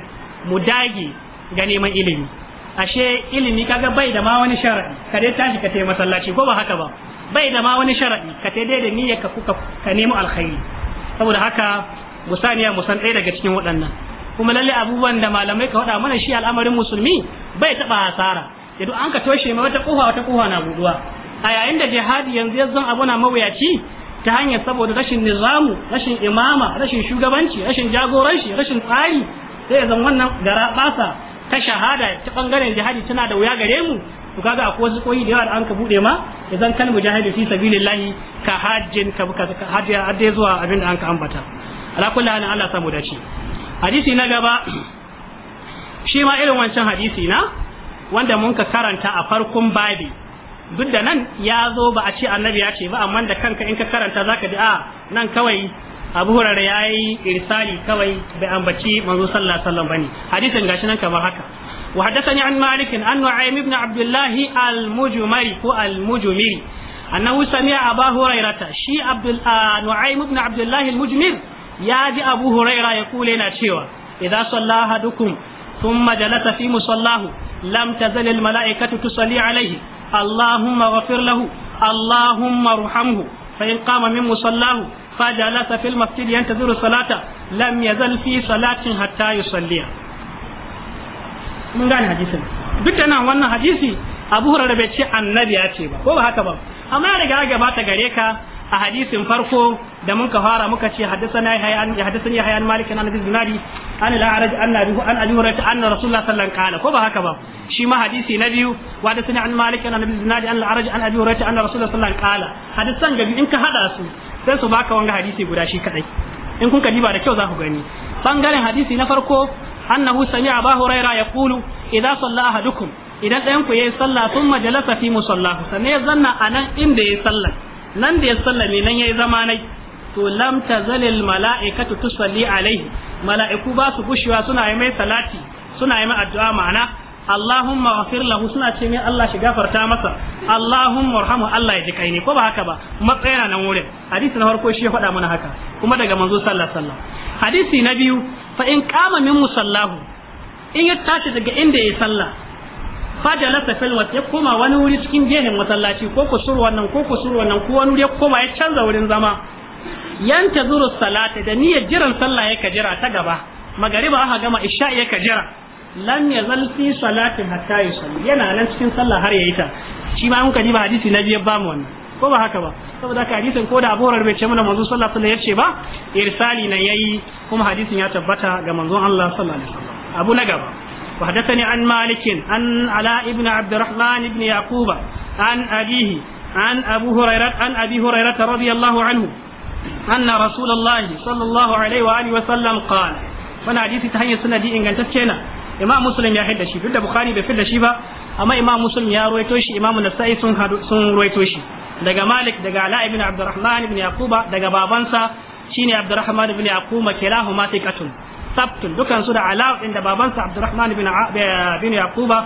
mu dage ga neman ilimi ashe ilimi kaga bai da ma wani sharadi ka dai tashi ka tayi masallaci ko ba haka ba bai da ma wani sharadi ka tayi da niyyar ka kuka ka nemi alkhairi saboda haka musaniya musan ɗaya daga cikin waɗannan kuma lalle abubuwan da malamai ka faɗa mana shi al'amarin musulmi bai taɓa hasara idan an ka toshe ma wata kofa wata kofa na buɗuwa. a yayin da jihadi yanzu ya zan abu na mawuyaci ta hanyar saboda rashin nizamu rashin imama rashin shugabanci rashin jagoranci rashin tsari sai zan wannan gara basa ta shahada ta bangaren jihadi tana da wuya gare mu to kaga akwai wasu koyi da yawa da an ka buɗe ma idan kan mujahidi fi sabilillahi ka hajjin ka hajji zuwa abin da an ka ambata ala kulli halin Allah samu dace hadisi na gaba shi ma irin wancan hadisi na wanda mun ka karanta a farkon babi duk da nan ya zo ba a ce annabi ya ce ba amma da kanka in ka karanta zaka ji a ah, nan kawai abu hurara ya irsali kawai bai ambaci manzo sallallahu alaihi wasallam bane hadisin gashi nan kamar haka wa haddathani an malik an nu'aym ibn abdullah al-mujmari ko al-mujmiri annahu sami'a aba hurairata shi abdul ah, nu'aym ibn abdullah al-mujmir ya ji abu huraira ya kule na cewa idan salla ahadukum thumma jalasa fi musallahu lam tazal al mala'ikatu tusalli alayhi allahumma ghafir lahu allahumma ruhamhu fa in qama min musallahu فجلس في المسجد ينتظر salata لم يزل في صلاة حتى يصلي mun gane hadisin duk da nan wannan hadisi abu hurara bai ce annabi ya ce ba ko ba haka ba amma ya riga gabata gare ka a hadisin farko da mun ka fara muka ce haddathana hayyan ya hayyan malik an abi zinadi an la araj an abi an abi hurairah anna rasulullah sallallahu alaihi ko ba haka ba shi ma hadisi na biyu wa haddathani an malik an abi zinadi an la araj an abi hurairah anna rasulullah sallallahu alaihi wasallam gabi in ka hada su sai su baka wanga hadisi guda shi kadai in kun ka diba da kyau za ku gani bangaren hadisi na farko annahu sami'a ba hurairah yaqulu idza salla ahadukum idan ɗayan ku yayi sallah thumma jalasa fi musallahu sanne zanna anan inda yayi sallah nan da ya sallame nan ya yi zama nai to lam tazalil mala'ikatu tusalli alaihi mala'iku ba su gushewa suna yi mai salati suna yi mai addu'a ma'ana Allahumma ghafir lahu suna ce mai Allah shi gafarta masa Allahumma arhamu Allah ya ji kai ne ko ba haka ba matsayana nan wurin hadisi na farko shi ya faɗa mana haka kuma daga manzo sallallahu alaihi wasallam hadisi na biyu fa in qama min musallahu in ya tashi daga inda ya sallah fajalasa fil wat ya koma wani wuri cikin gehen masallaci ko kusur wannan ko kusur wannan ko wani wuri ya koma ya canza wurin zama yanta zuru salata da niyyar jiran sallah yake jira ta gaba magariba aka gama isha yake jira lam yazal fi salatin hatta yusalli yana nan cikin sallah har yayi ta shi ma mun kadi ba hadisi na biyar ba mu wannan ko ba haka ba saboda haka hadisin ko da aborar bai ce mana manzo sallallahu alaihi wasallam yace ba irsali na yayi kuma hadisin ya tabbata ga manzon Allah sallallahu alaihi wasallam abu na gaba وحدثني عن مالك عن علاء بن عبد الرحمن بن يعقوب عن أبيه عن أبو هريرة عن أبي هريرة رضي الله عنه أن رسول الله صلى الله عليه وآله وسلم قال وانا حديث تهني سنة دي إن كانت إمام مسلم يا حد شيء بخاري بفد شيء أما إمام مسلم يا رويتوشي إمام النسائي سن رويتوشي daga Malik daga Ala ibn Abdurrahman ibn Yaquba daga babansa shine Abdurrahman ibn Yaquma kilahuma thiqatun sabtun dukan su da ala din da babansa abdurrahman bin bin yaquba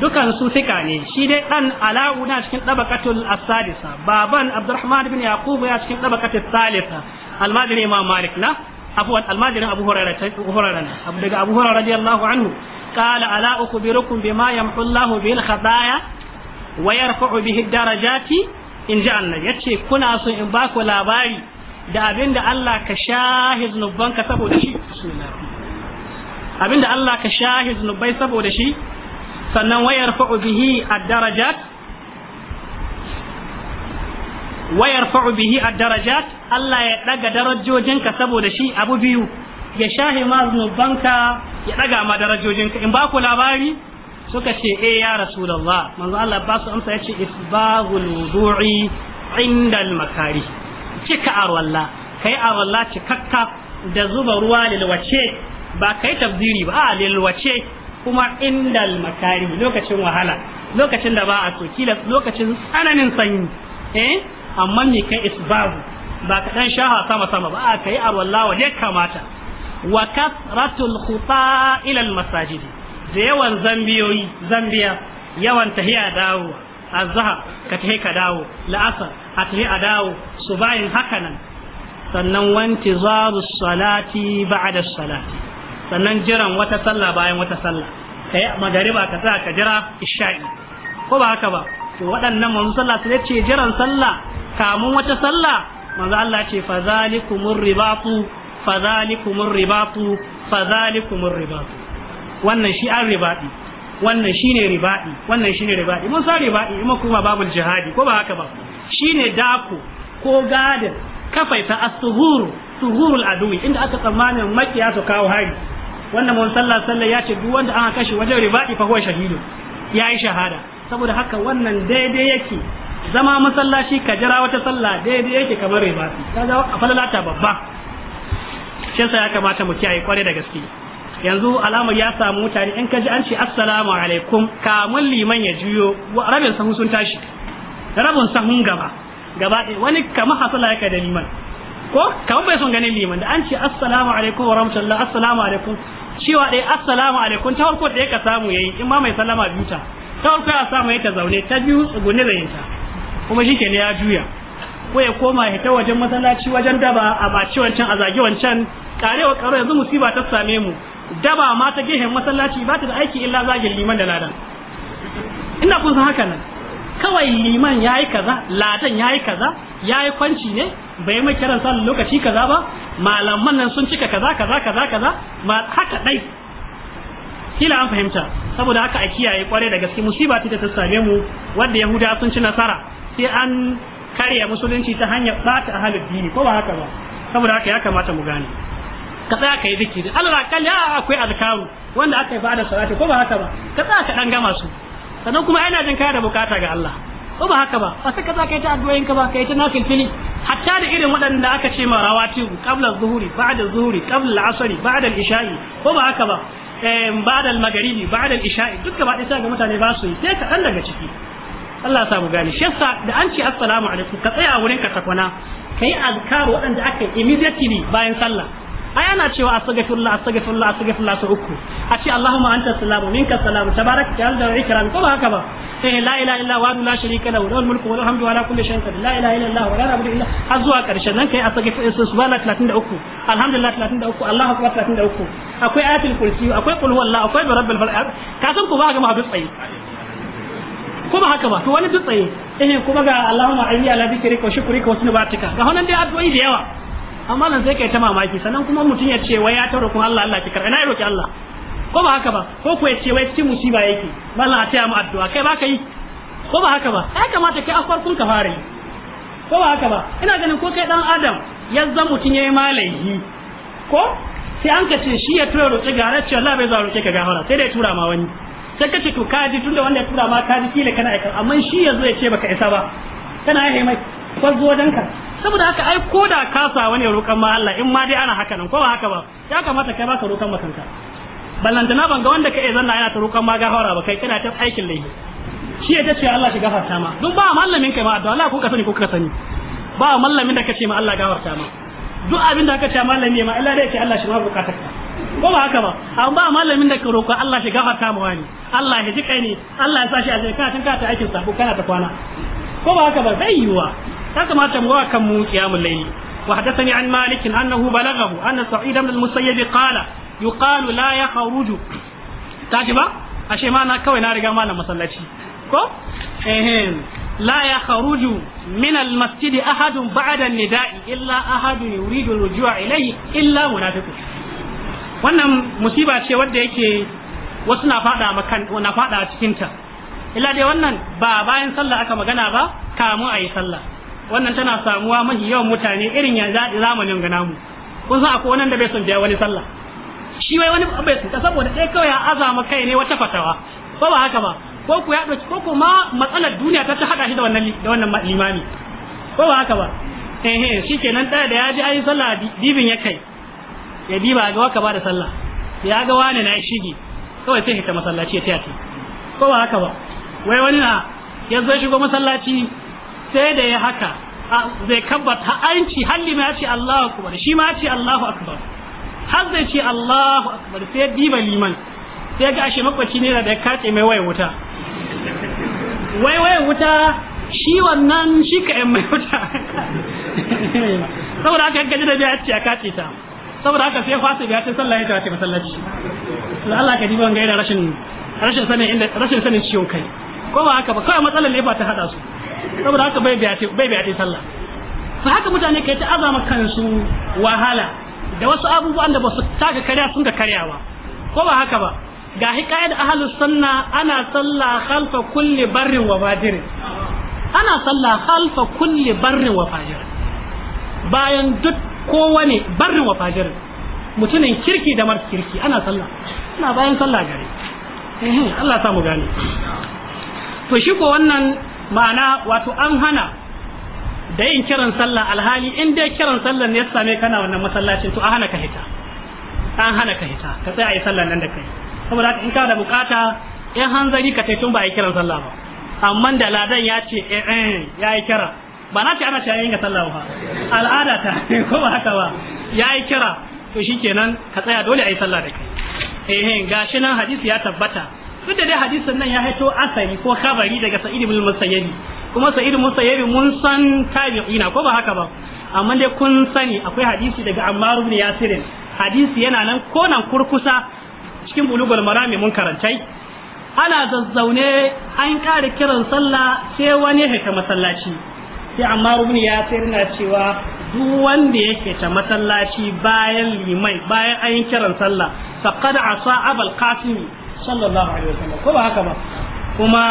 dukan su fika ne shi dai dan ala'u na cikin dabaqatul asadisa baban abdurrahman bin yaquba ya cikin dabaqatul salisa almajiri imam malik na abuwan almajirin abu hurairah abu hurairah abu daga abu hurairah radiyallahu anhu قال ألا أخبركم بما يمحو الله به الخطايا ويرفع به الدرجات in ji annabi ya ce kuna son in ba ku labari da abin da Allah ka sha shahi ka saboda shi abin da Allah ka shahi zunubai saboda shi sannan wayar fa'u bihi ad-darajat wayar fa'u bihi ad-darajat Allah ya daga ka saboda shi abu biyu ya shahi ma ka ya daga ma darajojin ka. in ba ku labari suka ce eh ya rasulullah manzo Allah ba su amsa yace isbaghul wudu'i inda al-makari cika arwalla kai arwalla cikakka da zuba ruwa lilwace ba kai tafsiri ba a lilwace kuma indal makari lokacin wahala lokacin da ba a so lokacin tsananin sanyi eh amma me kai isbabu ba ka dan shaha sama sama ba a kai arwalla wa ya kamata wa kasratul khuta ila al masajid da yawan zambiyoyi zambiya yawan tahiya dawo azhar ka tahi ka dawo la'asar a tafi a dawo su bayin haka nan sannan wanti su salati ba'da salati sannan jiran wata sallah bayan wata sallah magari ba ka sa ka jira isha'i ko ba haka ba to waɗannan manzo sallah sai ce jiran sallah kamun wata sallah manzo Allah ce fa zalikumur ribatu fa zalikumur ribatu fa zalikumur ribatu wannan shi an ribati wannan shine ribadi wannan shine ribadi mun sa ribadi in kuma babul jihadi ko ba haka ba shine dako ko gadin kafaita as-suhur suhurul adui inda aka tsammanin makiya su kawo hari wannan mun sallah sallah ya ce duk wanda aka kashe wajen ribadi fa huwa shahidu yayi shahada saboda haka wannan daidai yake zama masallaci ka jira wata sallah daidai yake kamar ribadi kaga a falalata babba shi ya kamata mu kiyaye kware da gaske yanzu alamar ya samu mutane in ka ji an ce assalamu alaikum kamun liman ya juyo rabin sahun sun tashi rabin sahun gaba gaba wani kama hasala yake da liman ko kamar bai son ganin liman da an ce assalamu alaikum wa rahmatullah assalamu alaikum cewa dai assalamu alaikum ta farko da yake samu yayi in ma mai sallama biyu ta ta farko ya samu yake zaune ta biyu tsugune da yinta kuma ke ne ya juya ko ya koma ya ta wajen masallaci wajen daba a baci wancan a zage wancan karewa karo yanzu musiba ta same mu daba ma ta gehen masallaci ba ta da aiki illa zagin liman da ladan ina kun san haka nan kawai liman ya yi kaza ladan ya yi kaza ya yi kwanci ne bai mai kiran sa lokaci kaza ba malaman nan sun cika kaza kaza kaza kaza ma haka dai kila an fahimta saboda haka a kiyaye kware da gaske musiba ta ta same mu wanda yahuda sun ci nasara sai an karya musulunci ta hanyar bata ahalul dini ko ba haka ba saboda haka ya kamata mu gane ka tsaya ka yi zikiri Allah kalli a ah, akwai azkaru wanda aka yi ba'da salati ko ba haka ba ka tsaya ka dan gama su sannan kuma ina jin kaya da bukata ga Allah ko ba haka ba ba sai ka tsaya ka yi ta addu'o'in ka ba ka yi ta nafilfili hatta da irin waɗanda aka ce ma rawatibu qabla zuhuri ba'da zuhuri qabla al-asri ba'da ishai ko ba haka ba بعد المغربي بعد العشاء duk gaba ɗaya ga mutane ba su yi sai kaɗan daga ciki Allah ya samu gani shessa da an ce assalamu alaikum ka tsaya a wurin ka takwana kai azkar waɗanda aka immediately bayan sallah ai ana cewa astaghfirullah astaghfirullah astaghfirullah su uku a ce allahumma anta salamu minka salamu tabarak ya da ikram ko ba haka ba eh la ilaha illa wa la sharika lahu lahul mulku wa lahul hamdu wa la kulli shay'in qadir la ilaha illa allah wa la ilaha illa har zuwa karshen nan kai astaghfirullah subhana 33 alhamdulillah 33 allahu akbar 33 akwai ayatul kursi akwai qul huwallahu akwai rabbil falaq ka san ku ba ga ma tsayi ko ba haka ba to wani dutse eh kuma ga Allahumma ayyi ala dhikrika wa shukrika wa sunnatika ga honan dai addu'o'i da yawa amma nan sai kai ta mamaki sannan kuma mutum ya ce wai ya tauro kun Allah Allah ki karɓa na roki Allah ko ba haka ba ko ku ya ce wai cikin musiba yake mallan a taya mu addu'a kai ba ka yi ko ba haka ba ya kamata kai a ka fara yi ko ba haka ba ina ganin ko kai dan adam ya zama mutum yayi malayi ko sai an kace shi ya tura roƙe ga ce Allah bai zuwa roƙe ka gafara sai dai ya tura ma wani sai kace to ka ji tunda wanda ya tura ma ka ji kila kana aikan amma shi ya zo ya ce baka isa ba kana yi mai ko zuwa danka. ka saboda haka ai ko da ka sa wani roƙon ma Allah in ma dai ana haka nan ko ba haka ba ya kamata kai ba ka roƙon makanka ballantana ban ga wanda ka iya zanna yana ta roƙon ma gafara ba kai kana ta aikin laifi shi ya ce Allah shi gafarta ma don ba mallamin kai ma addu'a Allah kun ka sani ko ka sani ba mallamin da kace ma Allah gafarta ma duk abin da kace mallami ma Allah dai ce Allah shi ma bukatar ka ko ba haka ba amma ba mallamin da ka roƙa Allah shi gafarta ma wani Allah ya ji kai ne Allah ya sa shi a jika tun ka ta aikin sabo kana ta kwana ko ba haka ba zai yiwa ya kamata mu wa kan mu qiyamul layl wa hadathani an malik annahu balaghahu anna sa'id ibn al-musayyib qala yuqalu la yakhruju taji ba ashe ma na kawai na riga malam masallaci ko eh la yakhruju min al-masjid ahadun ba'da an-nida'i illa ahadun yuridu al-rujua ilayhi illa munafiqun wannan musiba ce wanda yake wasu na fada makan na fada cikin ta illa dai wannan ba bayan sallah aka magana ba kamu a yi sallah wannan tana samuwa mahi yawan mutane irin ya zamanin ga namu kun san akwai wannan da bai son biya wani sallah shi wai wani bai son ta saboda sai kawai ya azama kai ne wata fatawa ko ba haka ba ko ku ya dauki ko kuma matsalar duniya ta ta hada shi da wannan da wannan limami ko ba haka ba eh eh shikenan da da ya ji ayi sallah dibin ya kai ya diba ga waka ba da sallah ya ga wani na shige kawai sai ta masallaci ya tayata ko ba haka ba wai wani na ya zo shigo masallaci sai da ya haka zai kabbata anci halli ma ce Allahu akbar shi ma ce Allahu akbar har zai ce Allahu akbar sai diba liman sai ga ashe makwaci ne da ya kace mai waye wuta wai waye wuta shi wannan shi ka yan mai wuta saboda haka gaji da biya ce a kace ta saboda haka sai fasa biya ta sallah ya ce masallaci Allah ka diba gaira rashin rashin sanin rashin sanin ciwon kai ko ba haka ba kawai matsalar ne ba ta hada su saboda haka bai biya bai biya sallah fa haka mutane kai ta azama kansu wahala da wasu abubuwan da ba su taka karya sun ga karyawa ko ba haka ba ga hikayar ahlus sunna ana sallah khalfa kulli barrin wa fajirin ana sallah khalfa kulli barrin wa fajirin bayan duk kowane barrin wa fajirin mutumin kirki da mara kirki ana sallah ana bayan sallah gare Allah samu gane to shi ko wannan ma'ana wato an hana da yin kiran sallah alhali in dai kiran sallah ne ya same kana wannan masallacin to an hana ka hita an hana ka hita ka tsaya a yi sallah nan da kai saboda in ka da bukata in hanzari ka tun ba a yi kiran sallah ba amma da ladan ya ce eh eh ya yi kira ba na ce ana ce yin ga sallah ba al'ada ta ko ba haka ba ya yi kira to shikenan ka tsaya dole a yi sallah da kai eh eh gashi nan hadisi ya tabbata duk da dai hadisin nan ya haito asali ko kabari daga sa'id ibn musayyibi kuma sa'id ibn mun san tabi'ina ko ba haka ba amma dai kun sani akwai hadisi daga ammar ibn yasir hadisi yana nan ko nan kurkusa cikin bulugul marami mun karantai ana zazzaune an ƙara kiran sallah sai wani ya ta masallaci sai ammar ibn yasir na cewa duk wanda yake ta masallaci bayan limai bayan an kiran sallah faqad asa abul qasim sallallahu alaihi wasallam ko ba haka ba kuma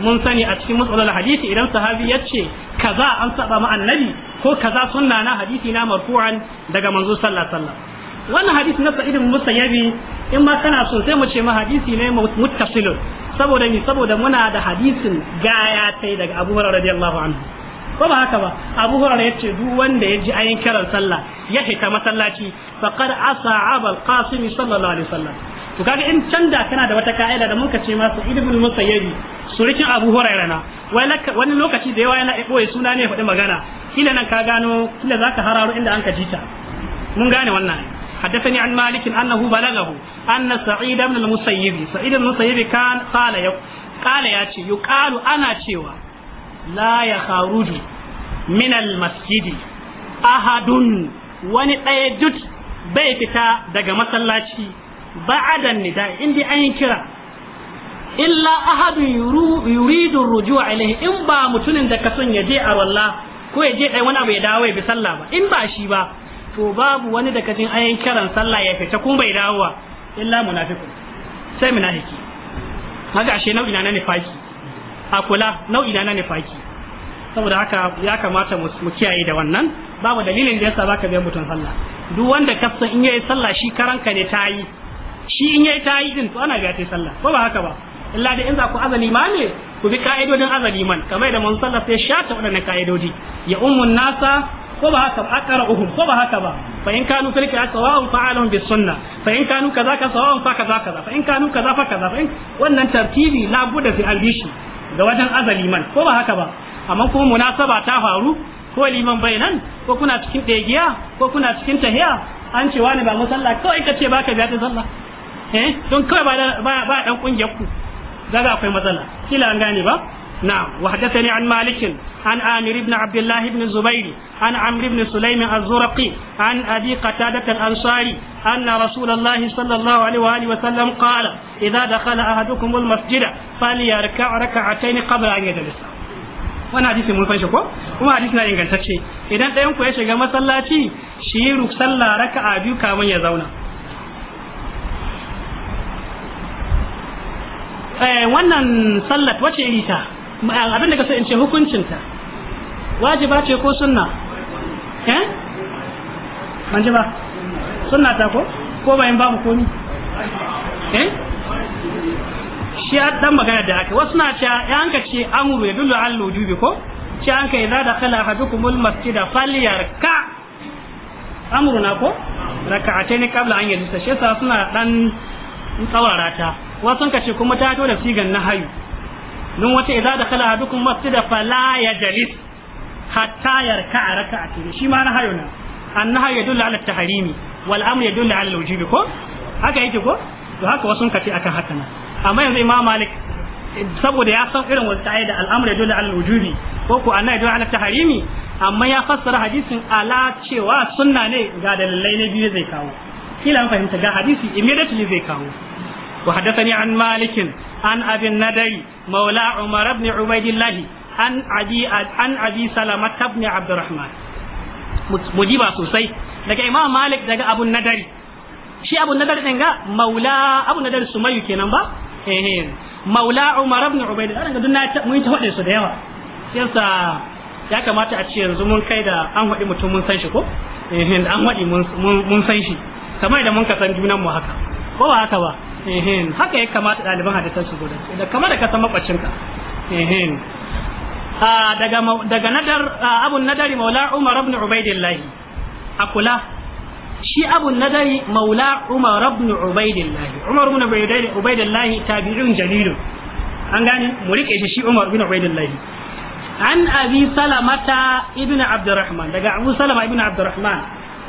mun sani a cikin matsalar hadisi idan sahabi ya ce kaza an saba ma annabi ko kaza sunna na hadisi na marfu'an daga manzo sallallahu alaihi wasallam wannan hadisi na sa'id bin musayyabi in ma kana son sai mu ce ma hadisi ne muttasilun saboda ni saboda muna da hadisin gaya tai daga Abu Hurairah radiyallahu anhu ko ba haka ba abu hurairah yace duk wanda ya ji ayin kiran sallah ya hita masallaci faqad asa al-qasim sallallahu alaihi wasallam to kaga in canda kana da wata ka'ida da muka ce masa ibn musayyibi surikin abu hurairah na wani lokaci da yawa yana boye suna ne faɗi magana kila nan ka gano kila zaka hararo inda an ka jita mun gane wannan حدثني عن مالك أنه بلغه أن سعيد بن المسيب سعيد بن المسيب كان قال يو قال يا يقال ana cewa. la ya kharuju min almasjidi ahadun wani ɗaya duk bai fita daga masallaci ba'adan nida inda an yi kira illa ahadun yuridu rujuwa ilaihi in ba mutumin da ka kason ya je a walla ko ya je wani abu ya dawo ya bi sallah ba in ba shi ba to babu wani daga cikin ayin kiran sallah ya fita kuma bai dawo illa munafiqun sai munafiki haka ashe nau'i na nifaki a kula nau'i na nifaki saboda haka ya kamata mu kiyaye da wannan babu dalilin da yasa zaka biya mutum sallah duk wanda ka san in yayi sallah shi karanka ne tayi shi in yayi tayi din to ana biya ta sallah ko ba haka ba illa da in za ku azali ma ne ku bi ka'idodin azali man kamar da mun sallah sai shata waɗannan ka'idodi ya ummun nasa ko ba haka ba aqra'uhum ko ba haka ba fa in kanu filka sawa'un fa'alahum bis sunna fa in kanu kaza ka sawa'un fa kaza kaza fa in kanu kaza fa kaza fa wannan tartibi la budda fi albishi ga wajen azali man ko ba haka ba amma kuma munasaba ta faru ko liman bai nan ko kuna cikin ɗegiya ko kuna cikin tahiya an ce wani ba musalla kawai ka ce baka biya ta sallah eh don kawai ba ba ba dan kungiyar ku daga akwai matsala kila an gane ba نعم an عن مالك عن آمر بن عبد الله بن الزبير عن عمرو بن سليم الزرقي عن أبي قتادة الأنصاري أن sallallahu alaihi wa الله عليه وآله وسلم قال إذا دخل أحدكم masjida. a falyarka raka'atayn qabla an lissa wani hadisi mun fashe ko kuma hadisi na ingantacce idan ɗayan ku ya shiga masallaci shi yi rukusalla raka a biyu kamun ya zauna wannan sallat wace iri ta abin da kasa in ce hukuncinta wajiba ce ko sunna eh manje ba sunna ta ko ko bayan babu komi eh shi dan magana da haka wasu na cewa ya ka ce amuru ya dullu allu jubi ko ce an ka idza dakhala ahadukumul masjida falyarka amuru na ko raka'atayn qabla an yajlisa shi yasa suna dan tsawara ta wasu ka ce kuma ta to da sigan nahayu dun wata idza dakhala ahadukum masjida fala yajlis hatta yarka raka'atayn shi ma nahayu na annaha yadullu ala tahrimi wal amru yadullu ala alwujubi ko haka yake ko to haka wasu ka ce akan haka na amma yanzu imam malik saboda ya san irin wata ayyada al'amur ya dole alal wujubi ko ko annabi dole alal tahrimi amma ya fassara hadisin ala cewa sunna ne ga dalilai ne biyu zai kawo kila an fahimta ga hadisi immediately zai kawo wa haddathani an malik an abin nadari maula umar ibn ubaidillah an abi an abi salama ibn abdurrahman mujiba sosai daga imam malik daga abun nadari shi abun nadari din ga maula abun nadari sumayu kenan ba eh maula umar ibn ubayd an ga dunna mun ta hode su da yawa yasa ya kamata a ce yanzu mun kai da an hadi mutum mun san shi ko eh an hadi mun san shi kamar da mun ka san junan mu haka ko ba haka ba eh haka ya kamata ɗaliban hadisan su gode da kamar da ka san makwacinka eh daga daga nadar abun nadari maula umar ibn ubaydillah akula shi abu nadari maula umar ibn ubaidillahi umar ibn ubaidillahi tabi'un jalilun an gane mu rike shi umar ibn ubaidillahi an abi salamata ibn abdurrahman daga abu salama ibn abdurrahman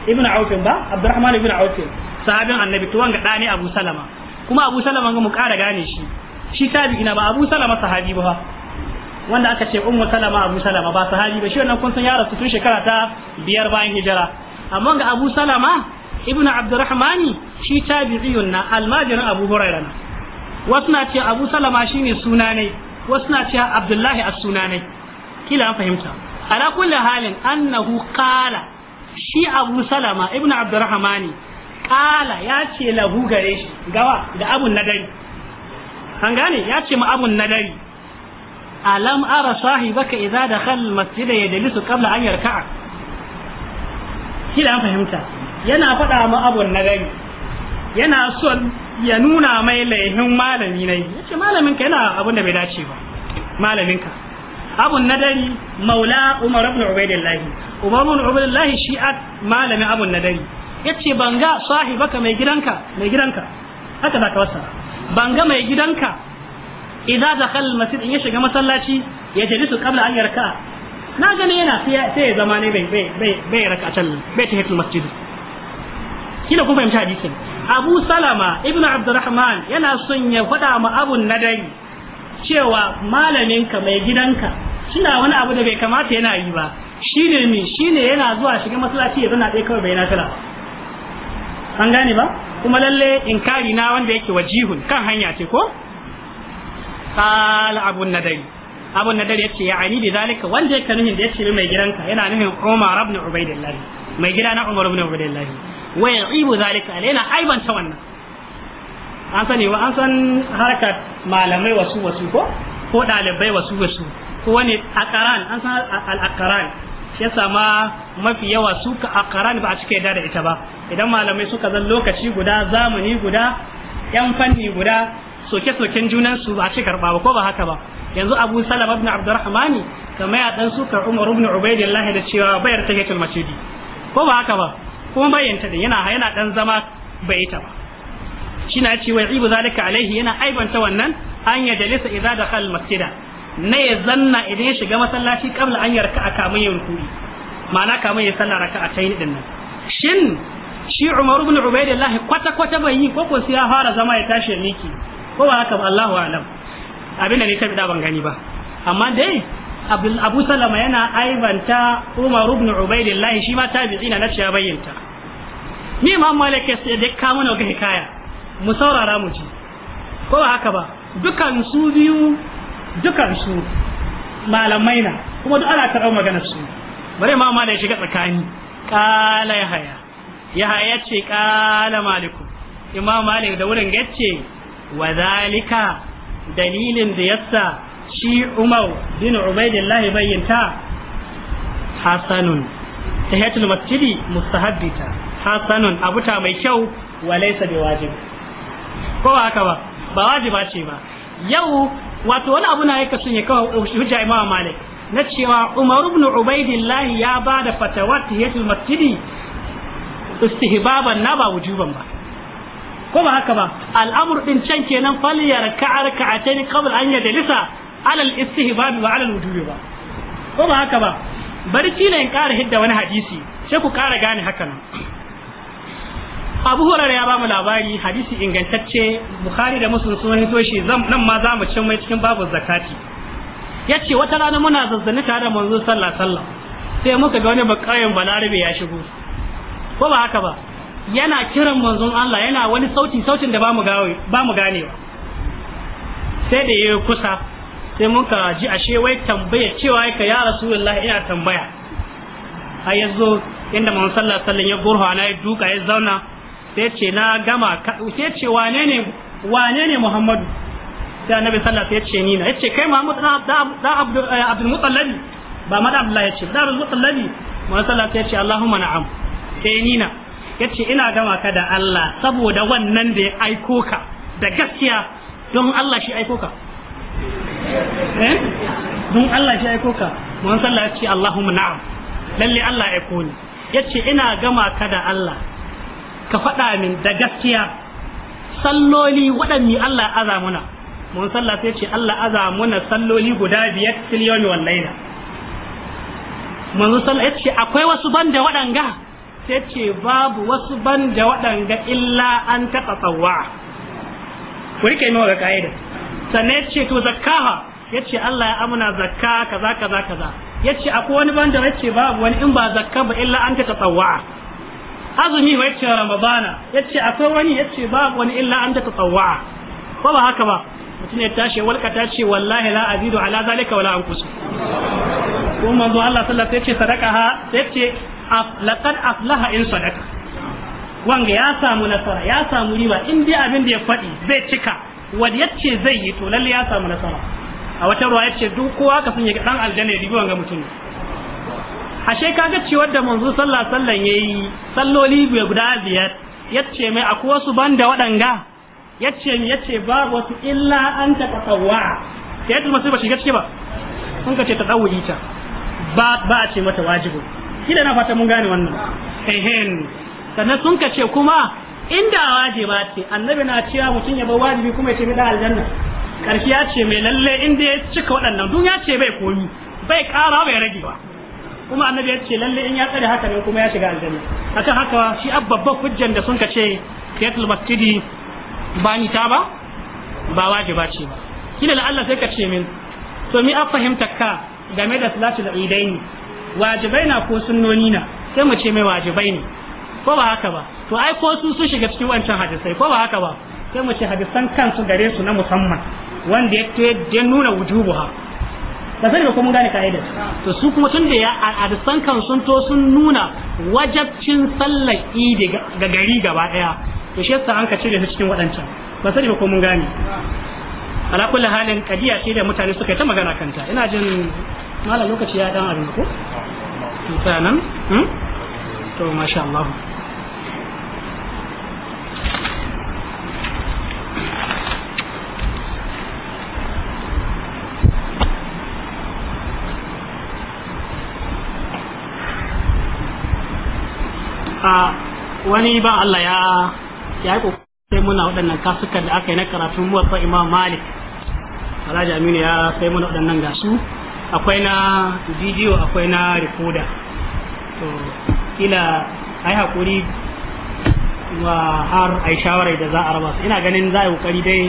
ibn aufin ba abdurrahman ibn aufin sahabin annabi to wanga dane abu salama kuma abu salama ga mu kara gane shi shi tabi'ina ba abu salama sahabi ba wanda aka ce ummu salama abu salama ba sahabi ba shi wannan kun san ya rasu tun shekara ta biyar bayan hijira amma ga abu salama ibnu abdurrahmani shi tabi'iyun na almajirin abu hurairah wasu na ce abu salama shine suna ne wasu na ce abdullahi as-suna ne kila an fahimta ala kulli halin annahu qala shi abu salama ibnu abdurrahmani qala ya ce lahu gare shi gawa da abun nadari an gane ya ce ma abun nadari alam ara sahibaka idza dakhal masjida yajlisu qabla an yarka'a shi an fahimta yana faɗa ma abun na gari yana son ya nuna mai laihin malami na yi yace malamin ka yana abun da bai dace ba malamin ka abun nadari maula umar ibn ubaidillah umar ibn ubaidillah shi at malamin abun na nadari yace banga sahibaka mai gidanka mai gidanka haka za wasa banga mai gidanka idza dakhala al-masjid in ya shiga masallaci ya jalisu qabla an yarka na gani yana sai ya zama ne bai bai bai rakatan bai masjid kila kun fahimci hadisin Abu Salama Ibn Abdurrahman yana son ya faɗa ma abun nadari cewa malaminka mai gidanka suna wani abu da bai kamata yana yi ba shine ne shine yana zuwa shiga masallaci ya zana dai kawai bai sala an gane ba kuma lalle inkari na wanda yake wajihun kan hanya ce ko qala abun nadari abun nadar ya ce ya ani bi zalika wanda yake nuhin da ya ce mai gidanka yana nuhin Umar ibn Ubaidillah mai gida na Umar ibn Ubaidillah wa ya'ibu zalika alaina aiban ta wannan an sani wa an san harkar malamai wasu wasu ko ko dalibai wasu wasu ko wani akaran an san al-akaran shi yasa ma mafi yawa su ka akaran ba a cika da ita ba idan malamai suka zan lokaci guda zamani guda yan fanni guda soke-soken junan su ba a ci karba ba ko ba haka ba yanzu abu salama ibn abdurrahmani kamar ya dan suka umar ibn ubaidillah da cewa bayar tahiyatul masjidi ko ba haka ba kuma bayyanta da yana yana dan zama bai ita ba shi na ce ibu zalika alaihi yana aibanta wannan an ya jalisa idza dakhala masjida na ya zanna idan ya shiga masallaci kabla an yarka a kamun yin kuri ma'ana kamun ya sallah raka'a ta yi din shin shi Umar ibn Ubaidillah kwata kwata bai yi ko ko sai ya fara zama ya tashi miki ko ba haka ba Allahu a'lam abin da ne ta da ban gani ba amma dai abu salama yana aibanta umar ibn ubaidillah shi ma tabi'i na nafsi ya bayyanta ni ma malaka sai dai ka mana ga hikaya mu saurara mu ji ko ba haka ba dukan su biyu dukan su malamai na kuma duk ana karɓar maganar su bari imam ya shiga tsakani kala yahaya yahaya ce kala malikum imam malik da wurin yace wa zalika dalilin da yasa shi umar bin ubaidillahi bayyanta hasanun tahiyatul masjidi mustahabbita hasanun abuta mai kyau wa laysa biwajib ko haka ba ba wajiba ce ba yau wato wani abu na yake sun ya kawo hujja imam malik na cewa umar ibn ubaidillah ya ba da fatawa tahiyatul masjidi istihbaban na ba wujuban ba ko ba haka ba al'amur din can kenan faliyar ka'ar ka'atain qabl an yadlisa alal istihbab wa alal wujub ba ko ba haka ba bari kila in ƙara hidda wani hadisi sai ku kara gane haka nan Abu Hurairah ya mu labari hadisi ingantacce Bukhari da Muslim sun hito shi nan ma za mu cin mai cikin babu zakati yace wata rana muna zazzani tare da manzo sallallahu alaihi wasallam sai muka ga wani bakayen balarabe ya shigo ko ba haka ba yana kiran manzon Allah yana wani sauti sautin da bamu gawe bamu ganewa sai da yayi kusa sai muka ji ashe wai tambaya cewa ka ya rasulullahi ina tambaya ai yazo inda manzon sallallahu alaihi wasallam ya burha na ya duka ya zauna sai ce na gama sai ce wane ne wane ne Muhammadu sai annabi sallallahu alaihi wasallam ya ce ni na yace kai muhammadu da eh, Abdul muttalibi ba ma da Abdullahi ya ce da Abdul muttalibi manzon sallallahu alaihi wasallam ya ce Allahumma na'am sai ni na yace ina gama ka da Allah saboda wannan da ya aiko ka da gaskiya don Allah shi aiko ka eh? don Allah shi aiko ka mun sallah yace Allahumma na'am lalle Allah ya aiko ni yace ina gama ka da Allah ka faɗa min da gaskiya salloli waɗanne Allah aza muna mun sallah sai ce Allah aza muna salloli guda biyar fil yawmi wal mun manzo sallah yace akwai wasu banda waɗanga sai ce babu wasu ban da waɗanda illa an taɓa tsawa ku rike nawa ga ka'ida sannan ya ce to zakkaha ya ce Allah ya amuna zakka kaza kaza kaza ya ce akwai wani ban da ya ce babu wani in ba zakka ba illa an taɓa tsawa azumi wa ya ce ramadana ya ce akwai wani ya ce babu wani illa an taɓa tsawa ko ba haka ba mutum ya tashi walka ta ce wallahi la azidu ala zalika wala an kusa? kuma manzo Allah sallallahu alaihi wasallam ya ce sadaqaha ya ce laqad aflaha in sadaka wanga ya samu nasara ya samu riba in dai abin da ya faɗi zai cika wani yace zai yi to lalle ya samu nasara a wata ruwa yace duk kowa ka sun yi dan aljanna ribi wanga mutum ashe kaga ciwar da manzo sallallahu alaihi wasallam yayi salloli guda biyar yace mai akwai wasu banda waɗanga yace mi yace babu wasu illa an ta tasawwa sai ta masu ba shiga ciki ba kun ka ce ta dawo ita ba ba a ce mata wajibi kila na fata mun gane wannan ehen sannan sun ka ce kuma inda wajiba ce annabi na cewa mutum ya bar wajibi kuma ya ce bi da aljanna karshe ya ce mai lalle inda ya cika waɗannan dun ya ce bai komi bai kara bai rage ba kuma annabi ya ce lalle in ya tsare haka ne kuma ya shiga aljanna akan haka shi babban hujjan da sun ka ce tiyatul masjidi ba ni ta ba ba wajiba ce ba kila Allah sai ka ce min to mi a fahimta ka game da salatul idaini wajibai na ko sunnoni na sai mu ce mai wajibai ne ko ba haka ba to ai ko su sun shiga cikin wancan hadisai ko ba haka ba sai mu ce hadisan kansu gare su na musamman wanda ya ya nuna wujubuha da sani ko mun gane kaida to su kuma tun da ya hadisan kansu to sun nuna wajabcin sallar idi ga gari gaba daya to shi yasa an ka cire su cikin wadancan ba sani ko mun gane ala kullu halin kadiya ce da mutane suka ta magana kanta ina jin mala lokaci ya dan abin ko to sanan hmm? to masha Allah wani ba Allah ya ya yi mun muna waɗannan kasukan da aka yi na karatun fa Imam Malik Alhaji Aminu ya sai muna waɗannan gasu akwai na bidiyo akwai na rikoda to kila ai hakuri wa har ai shawarar da za a raba ina ganin za a yi kokari dai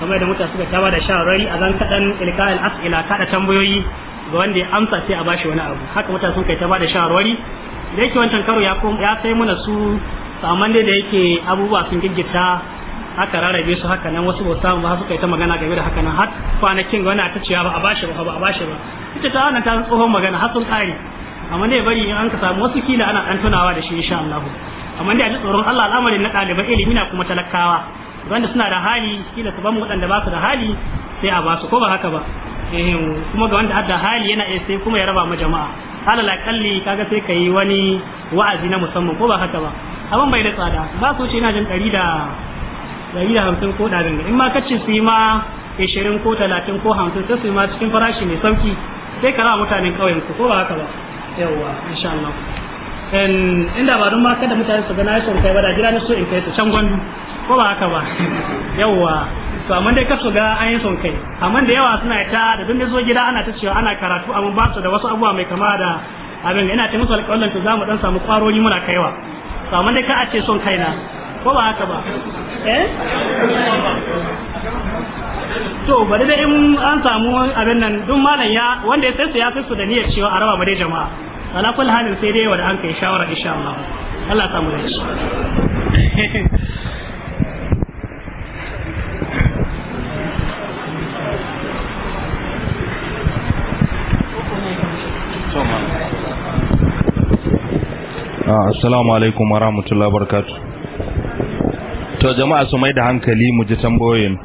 kamar da mutane suka taba da shawarari a zan kaɗan ilkal as'ila kaɗa tambayoyi ga wanda ya amsa sai a bashi wani abu haka mutane sun kai ta da shawarwari da yake wancan karo ya kai sai muna su amma dai da yake abubuwa sun giggita aka rarrabe su haka nan wasu bauta samu ba suka yi ta magana game da haka nan har kwanakin wani ta ciya ba a bashi ba ba a bashi ba ita ta wannan ta tsohon magana har sun kare amma ne bari in an ka samu wasu kila ana dan tunawa da shi insha Allah amma dai a ji tsoron Allah al'amarin na ɗaliban ilimi na kuma talakawa wanda suna da hali kila su mu waɗanda ba su da hali sai a ba su ko ba haka ba kuma ga wanda da hali yana iya sai kuma ya raba mu jama'a alal akalli kaga sai kai wani wa'azi na musamman ko ba haka ba abin bai da tsada ba su ce ina jin ɗari da ɗari da hamsin ko ɗarin in ma kace su yi ma ishirin ko talatin ko hamsin sai su yi ma cikin farashi mai sauki sai ka rawa mutanen ƙauyen ku ko ba haka ba yawwa insha Allah inda ba ma kada mutane su gana son kai ba da jira na so in kai ta can gwandu ko ba haka ba yawwa to amma dai kasu ga an yi son kai amma da yawa suna ta da dun zo gida ana ta cewa ana karatu amma ba su da wasu abubuwa mai kama da abin ina ta musu alƙawarin to za mu dan samu ƙwarori muna kaiwa to amma dai ka a ce son kaina ko ba haka ba eh to bari da in an samu abin nan duk malam ya wanda ya sai su ya fi su da niyyar cewa a raba dai jama'a ala kullu halin sai dai wanda an kai shawara insha Allah Allah ya samu dace ah, Assalamu alaikum wa rahmatullahi wa barakatuh to jama'a su mai da hankali mu ji tambayoyin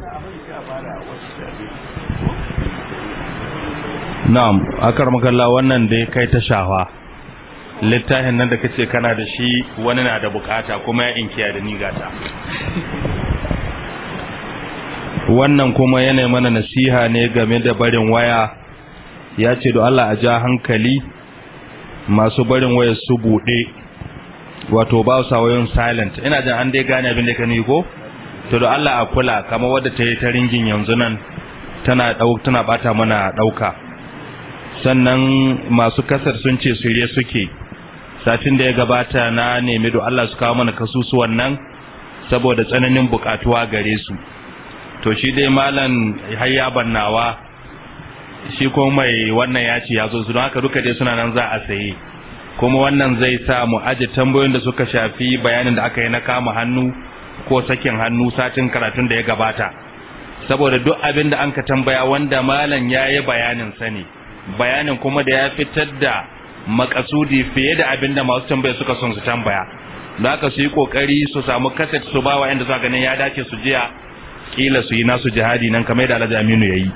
na'am akar makalla wannan da ya kai ta shafa littafin nan da kace kana da shi wani na da bukata kuma ya inkiya da ni gata wannan kuma yana mana nasiha ne game da barin waya ya ce do Allah a ja hankali masu barin waya su buɗe wato ba sa wayon silent ina jin an dai gane abin da ka ni ko to da Allah a kula kamar wadda ta yi ta ringin yanzu nan tana dau tana bata mana dauka sannan masu kasar sun ce sirye suke satin da ya gabata na nemi do Allah su kawo mana kasusuwan nan saboda tsananin bukatuwa gare su to shi dai malam hayya bannawa shi ko mai wannan ya ce ya zo su don haka duka dai suna nan za a saye kuma wannan zai sa mu aje tambayoyin da suka shafi bayanin da aka yi na kama hannu ko sakin hannu satin karatun da ya gabata saboda duk abin da an ka tambaya wanda malam ya yi bayanin sani bayanin kuma da ya fitar da makasudi fiye da abin da masu tambaya suka son su tambaya da aka su yi kokari su samu kaset su ba wa inda za ganin ya dace su jiya kila su yi nasu jihadi nan kamar da alhaji aminu ya yi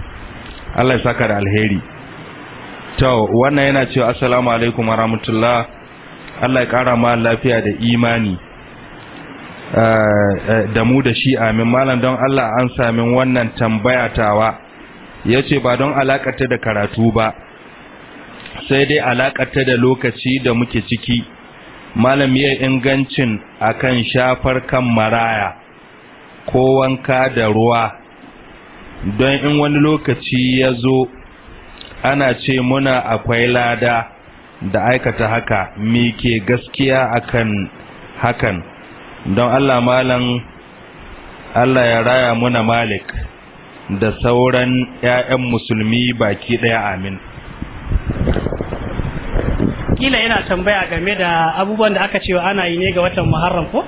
allah ya saka da alheri to wannan yana cewa assalamu alaikum wa rahmatullah Allah ya kara ma lafiya da imani eh, eh, da mu da shi amin malam don Allah an sami wannan tambaya tawa ya ce ba don alakata da karatu ba sai dai alakata da lokaci da muke ciki malam ya ingancin akan shafar kan maraya ko wanka da ruwa don in wani lokaci ya zo ana ce muna akwai lada da aikata haka mi ke gaskiya akan hakan don Allah malam Allah ya raya muna malik da sauran 'ya'yan musulmi baki daya amin kila yana tambaya game da abubuwan da aka cewa ana yi ne ga watan muharram ko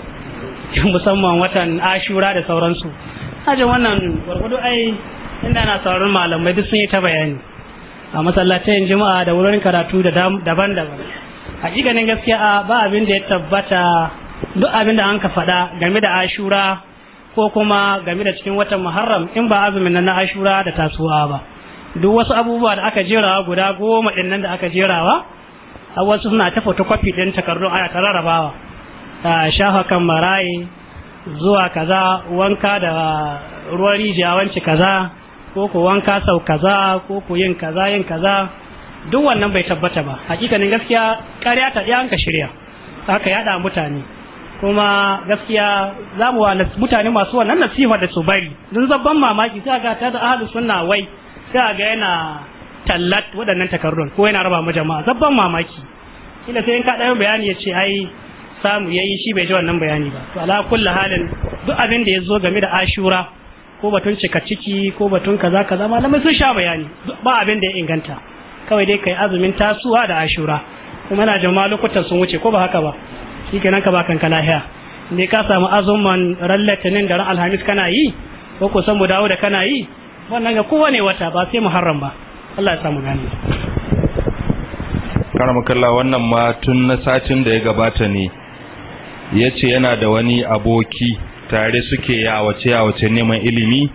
musamman watan ashura da sauransu ajin wannan gwargwado ai inda na sauran malamai duk sun yi ta bayani a masallacin juma'a da wurin karatu da daban-daban ganin gaskiya ba abin da ya tabbata duk abin da an ka faɗa game da ashura ko kuma game da cikin watan muharram in ba azumin nan na ashura da tasuwa ba duk wasu abubuwa da aka jerawa guda goma ɗin nan da aka jerawa a wasu suna ta photocopy ɗin takardun aya ta rarrabawa a shafa kan maraye zuwa kaza wanka da ruwan rijiya wanci kaza ko ko wanka sau kaza ko ko yin kaza yin kaza duk wannan bai tabbata ba hakikanin gaskiya ƙarya ta ɗaya ka shirya haka yada mutane kuma gaskiya za mu wa mutane masu wannan nasiha da su bari don zabban mamaki sai ga ta da ahlus sunna wai sai ga yana tallat waɗannan takardun ko yana raba mu jama'a zabban mamaki kila sai in ka ɗaya bayani ya ce ai samu yayi shi bai ji wannan bayani ba to ala kulli halin duk abin da ya zo game da ashura ko batun cika ciki ko batun kaza kaza malamai sun sha bayani ba abin da ya inganta kawai dai kai azumin tasuwa da ashura kuma na jama'a lokutan sun wuce ko ba haka ba nan ka ba kanka lahiya ne ka samu azuman ran litinin da ran alhamis kana yi ko ko san mu dawo da kana yi wannan ga kowane wata ba sai muharram ba Allah ya samu gani kalla wannan ma tun na satin da ya gabata ne ya ce yana da wani aboki tare suke ya wace ya wace neman ilimi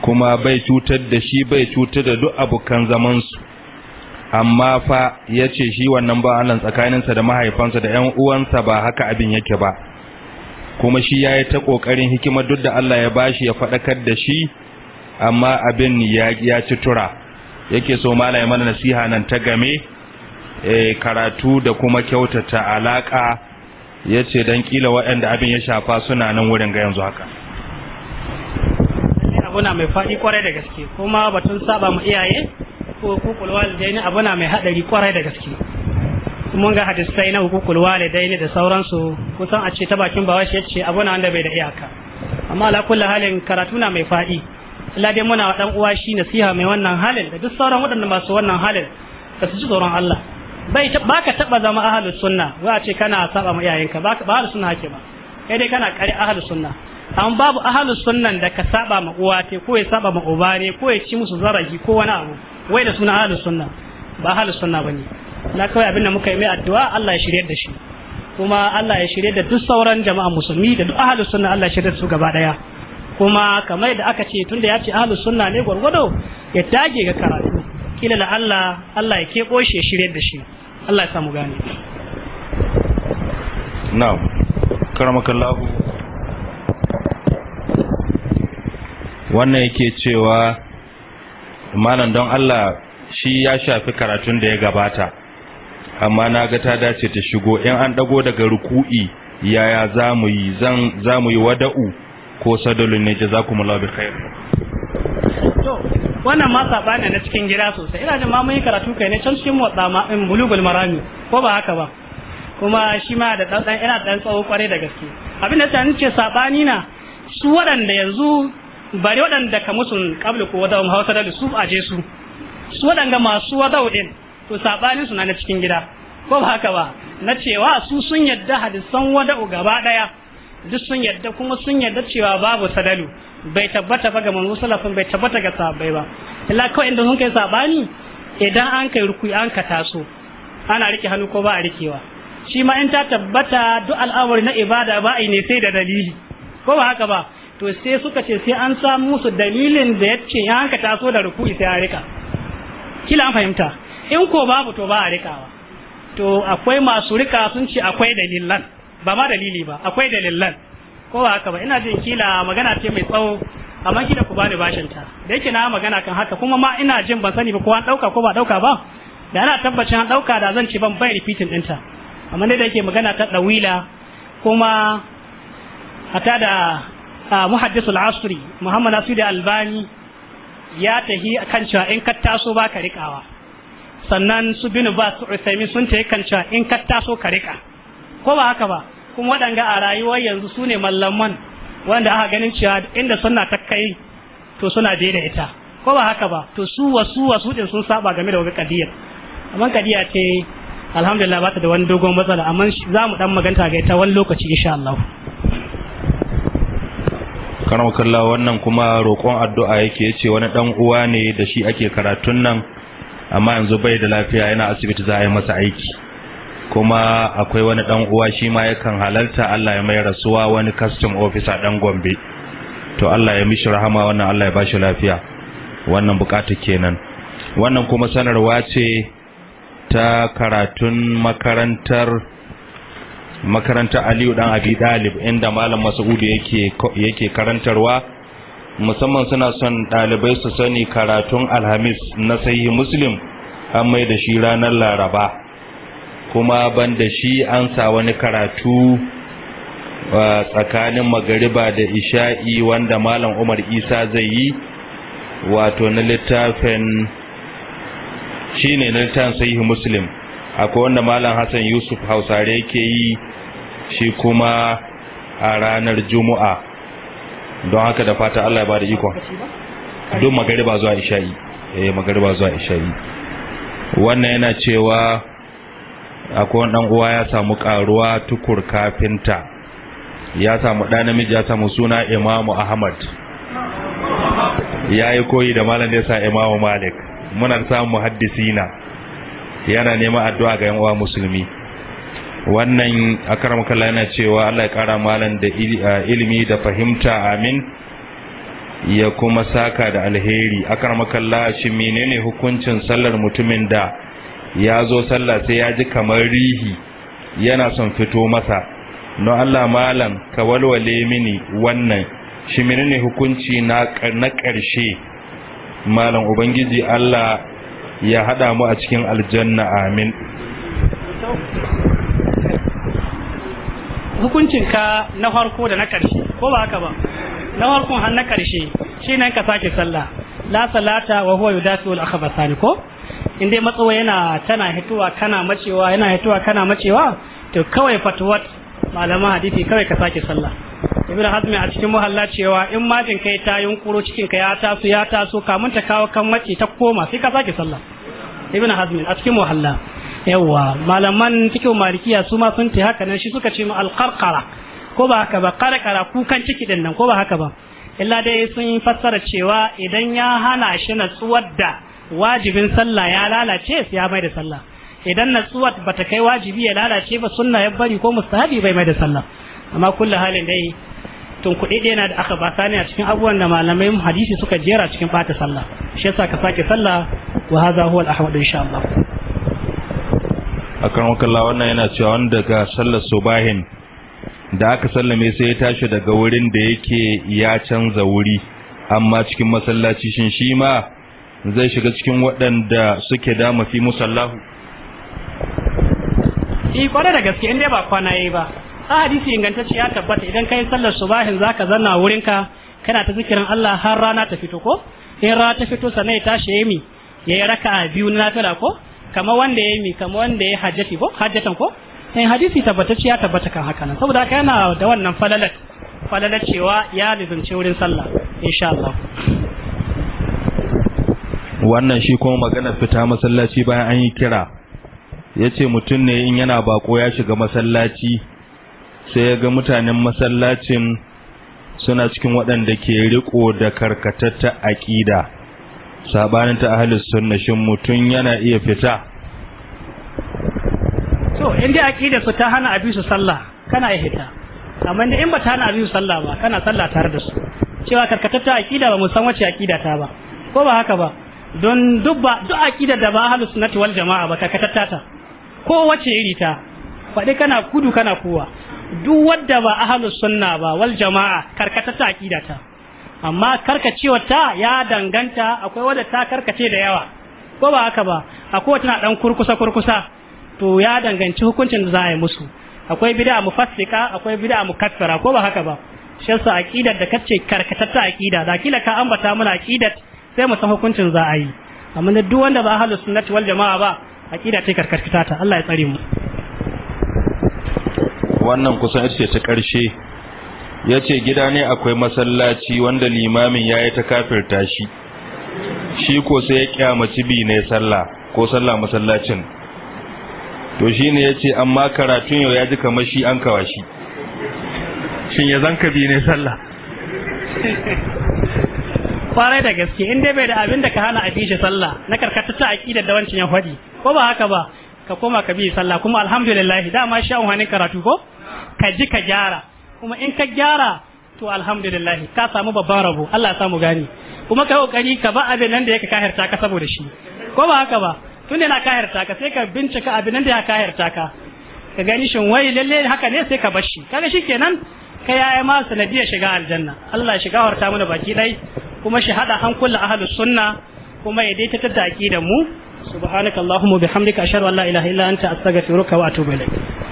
kuma bai cutar da shi bai cutar da duk abokan zamansu amma fa ya ce shi wannan ba Allah tsakaninsa da mahaifansa da ‘yan uwansa ba haka abin yake ba kuma shi ya yi ta ƙoƙarin hikima duk da Allah ya bashi ya faɗakar da shi amma abin ya ci tura yake so ya mana nasiha nan ta game eh, karatu da kuma kyautata alaƙa ya ce don kila waɗanda abin ya shafa suna nan wurin ga yanzu haka abuna mai faɗi kwarai da gaske kuma batun saba mu iyaye ko hukukul walidaini abuna mai haɗari kwarai da gaske mun ga hadisai na hukukul walidaini da sauransu kusan a ce ta bakin bawa shi yace abuna wanda bai da iyaka amma ala halin karatu na mai faɗi Allah muna wa dan uwa shi nasiha mai wannan halin da duk sauran waɗanda masu wannan halin da su ji tsoron Allah bai ba ka taba zama ahlus sunna a ce kana saba ma iyayenka ba ba ahlus sunna hake ba kai dai kana kare ahlus sunna amma babu ahlus sunnan da ka saba ma uwa te ko ya saba ma uba ne ko ya ci musu zarafi ko wani abu wai da suna ahlus sunna ba ahlus sunna bane na kawai abin da muka yi mai addu'a Allah ya shirye da shi kuma Allah ya shirye da duk sauran jama'a musulmi da duk ahlus sunna Allah ya shirye da su gaba daya kuma kamar da aka ce tunda ya ce ahlus sunna ne gwargwado ya dage ga karatu kila la Allah Allah ya kebo shi ya shirye da shi Allah ya samu gane na'am wannan yake cewa malam don Allah shi ya shafi karatun da ya gabata amma na ga ta dace ta shigo in an dago daga ruku'i yaya za mu yi zan za yi wada'u ko sadalun ne jazakumullahu bi khair wannan ma sabani na cikin gida sosai ina jin ma mun yi karatu kai ne can cikin motsa ma in eh, bulugul marami ko ba haka ba kuma shi ma da dan dan ina dan tsawo kware da gaske abin da tani ce sabani na su waɗanda yanzu bari waɗanda ka musun kablu ko wadawun hausa da su je su su waɗanda masu wadawu din to sabani su na na cikin gida ko ba haka ba na cewa su sun yadda hadisan wada'u gaba daya duk sun yadda kuma sun yadda cewa babu sadalu bai tabbata ba ga manzo salafin bai tabbata ga sahabbai ba illa kawai inda sun kai sabani idan an kai rukui an ka taso ana rike hannu ko ba a rikewa shi ma in ta tabbata duk al'amari na ibada ba a ne sai da dalili ko ba haka ba to sai suka ce sai an samu musu dalilin da ya ce an ka taso da rukui sai a rika kila an fahimta in ko babu to ba a rikawa to akwai masu rika sun ce akwai dalilan ba ma dalili ba akwai dalilan ko ba haka ba ina jin kila magana ce mai tsawo amma kila ku bani bashin ta da yake na magana kan haka kuma ma ina jin ban sani ba ko an dauka ko ba dauka ba da ana tabbacin an dauka da zan ci ban bai repeating ɗinta amma ne da yake magana ta dawila kuma hatta da al asri muhammad asiri albani ya tahi akan cewa in ka taso ba ka rikawa sannan su binu ba su sun tahi kan cewa in ka taso ka rika ko ba haka ba kuma waɗanga a rayuwar yanzu su ne mallaman wanda aka ganin cewa inda suna ta kai to suna daida ita ko ba haka ba to su wasu wasu din sun saba game da wani kadiyar amma kadiya ce alhamdulillah ba ta da wani dogon matsala amma za mu dan maganta ga ita wani lokaci insha Allah karam kallah wannan kuma roƙon addu'a yake yace wani dan uwa ne da shi ake karatun nan amma yanzu bai da lafiya yana asibiti za a yi masa aiki kuma akwai wani dan uwa shi ma yakan halarta Allah ya mai rasuwa wani custom officer dan Gombe to Allah ya mishi rahama wannan Allah ya bashi lafiya wannan bukata kenan wannan kuma sanarwa ce ta karatun makarantar makarantar Aliyu dan Abi Dalib inda malam Mas'ud yake yake karantarwa musamman suna son dalibai su sani karatun Alhamis na Sahih Muslim an mai da shi ranar Laraba kuma banda shi an sa wani karatu tsakanin magariba da isha'i wanda malam umar isa zai yi wato na littafin shi ne na littafin sahihu muslim akwai wanda malam hassan yusuf hausare yake yi shi kuma a ranar juma'a don haka da fata allah ba da ikon don magariba zuwa isha'i eh magariba zuwa isha'i wannan yana cewa akwai dan uwa ya samu karuwa tukur kafinta ya samu ɗa namiji ya samu suna imamu ahmad ya yi koyi da malam da ya sa imamu malik muna samu muhaddisina yana neman addu'a ga yan uwa musulmi wannan akaram kallon yana cewa Allah ya kara malam da ilimi da fahimta amin ya kuma saka da alheri akaram kallon shi menene hukuncin sallar mutumin da ya zo sallah sai ya ji kamar rihi yana son fito masa no Allah malam ka walwale mini wannan shi menene hukunci na na ƙarshe malam ubangiji Allah ya hada mu a cikin aljanna amin hukuncin ka na farko da na ƙarshe ko ba haka ba na farkon har na ƙarshe ne ka sake sallah la salata wa huwa yudasu al akhbasani ko in dai matsawa yana tana hituwa kana macewa yana hituwa kana macewa to kawai fatuwat malaman hadisi kawai ka sake sallah ibn hazmi a cikin muhalla cewa in majin kai ta yunkuro cikin ka ya taso ya taso kamun ta kawo kan mace ta koma sai ka sake sallah ibn hazmi a cikin muhalla yawa malaman cikin malikiya su ma sun ta haka nan shi suka ce mu alqarqara ko ba haka ba qarqara kukan ciki din nan ko ba haka ba illa dai sun fassara cewa idan ya hana shi natsuwar da wajibin sallah ya lalace sai ya mai da sallah idan natsuwa bata kai wajibi ya lalace ba sunna ya bari ko mustahabi bai mai da sallah amma kullu halin dai tun kuɗi ɗaya na da aka ba sani a cikin abubuwan da malamai hadisi suka jera cikin bata sallah shi yasa ka sake sallah wa hadha huwa al-ahmad insha Allah akan wakalla wannan yana cewa wanda daga sallar subahin da aka sallame sai ya tashi daga wurin da yake ya canza wuri amma cikin masallaci shin shi ma zai shiga cikin waɗanda suke da mafi musallahu yi eh, kwarai da gaske in dai ba kwana yi ba a hadisi ingantacce ya tabbata idan ka yi sallar subahin zaka zanna wurinka kana ta zikirin Allah har rana ta fito ko in rana ta fito sannan ya tashi ya mi yayi a biyu na nafila ko kama wanda yayi mi kama wanda yayi hajjati ko hajjatan ko in eh, hadisi tabbatacce ya tabbata kan haka nan saboda kana da wannan falalat falalat cewa ya lizumce wurin sallah insha Allah wannan shi kuma magana fita masallaci bayan an yi kira ya ce mutum ne in yana bako ya shiga masallaci sai ya ga mutanen masallacin suna cikin waɗanda ke riko da karkatatta aƙida sabanin ta ahalis sunna shin mutum yana iya fita to in dai aƙida su ta hana abisu sallah kana iya fita amma in ba ta hana abisu sallah ba kana sallah tare da su cewa karkatatta aƙida ba mu san wace aƙida ta ba ko ba haka ba don duk ba duk aqida da ba ahlus sunnati wal jamaa ba ka ta. ko wace iri ta faɗi kana kudu kana kowa duk wadda ba ahlus sunna ba wal jamaa ta aqida ta amma karkacewa ta ya danganta akwai wadda ta karkace da yawa ko ba haka ba akwai wata dan kurkusa kurkusa to ya danganci hukuncin da za a yi musu akwai bid'a mufassika akwai bid'a mukaffira ko ba haka ba shi yasa aqidar da kace karkatatta aqida da kila ka ambata mana aqidar sai mu san hukuncin za a yi amma da duk wanda ba ahlus sunnati wal jama'a ba aqida ce karkarkita ta Allah ya tsare mu wannan kusan ita ce ta karshe yace gida ne akwai masallaci wanda limamin yayi ta kafirta shi shi ko sai ya kyamaci bi ne sallah ko sallah masallacin to shine yace amma karatun yau ya ji kamar shi an kawashi. shin ya zanka bi ne sallah kwarai da gaske in dai bai da abin da ka hana a bishi sallah na karkata ta aqida da wancin ya ko ba haka ba ka koma ka bi sallah kuma alhamdulillah dama sha wani karatu ko ka ji ka gyara kuma in ka gyara to alhamdulillah ka samu babban rabo Allah ya samu gani kuma ka kokari ka ba abin nan da yake kahirta ka saboda shi ko ba haka ba tun da na kahirta ka sai ka bincika abin nan da ya kahirta ka ka gani shin wai lalle haka ne sai ka bar shi kaga shikenan ka yaya ma sanadiyar shiga aljanna Allah shiga harta mana baki dai kuma shi hada hankula ahlus sunna kuma ya daidaita da mu subhanakallahumma bihamdika ashhadu an la ilaha illa anta astaghfiruka wa atubu ilaik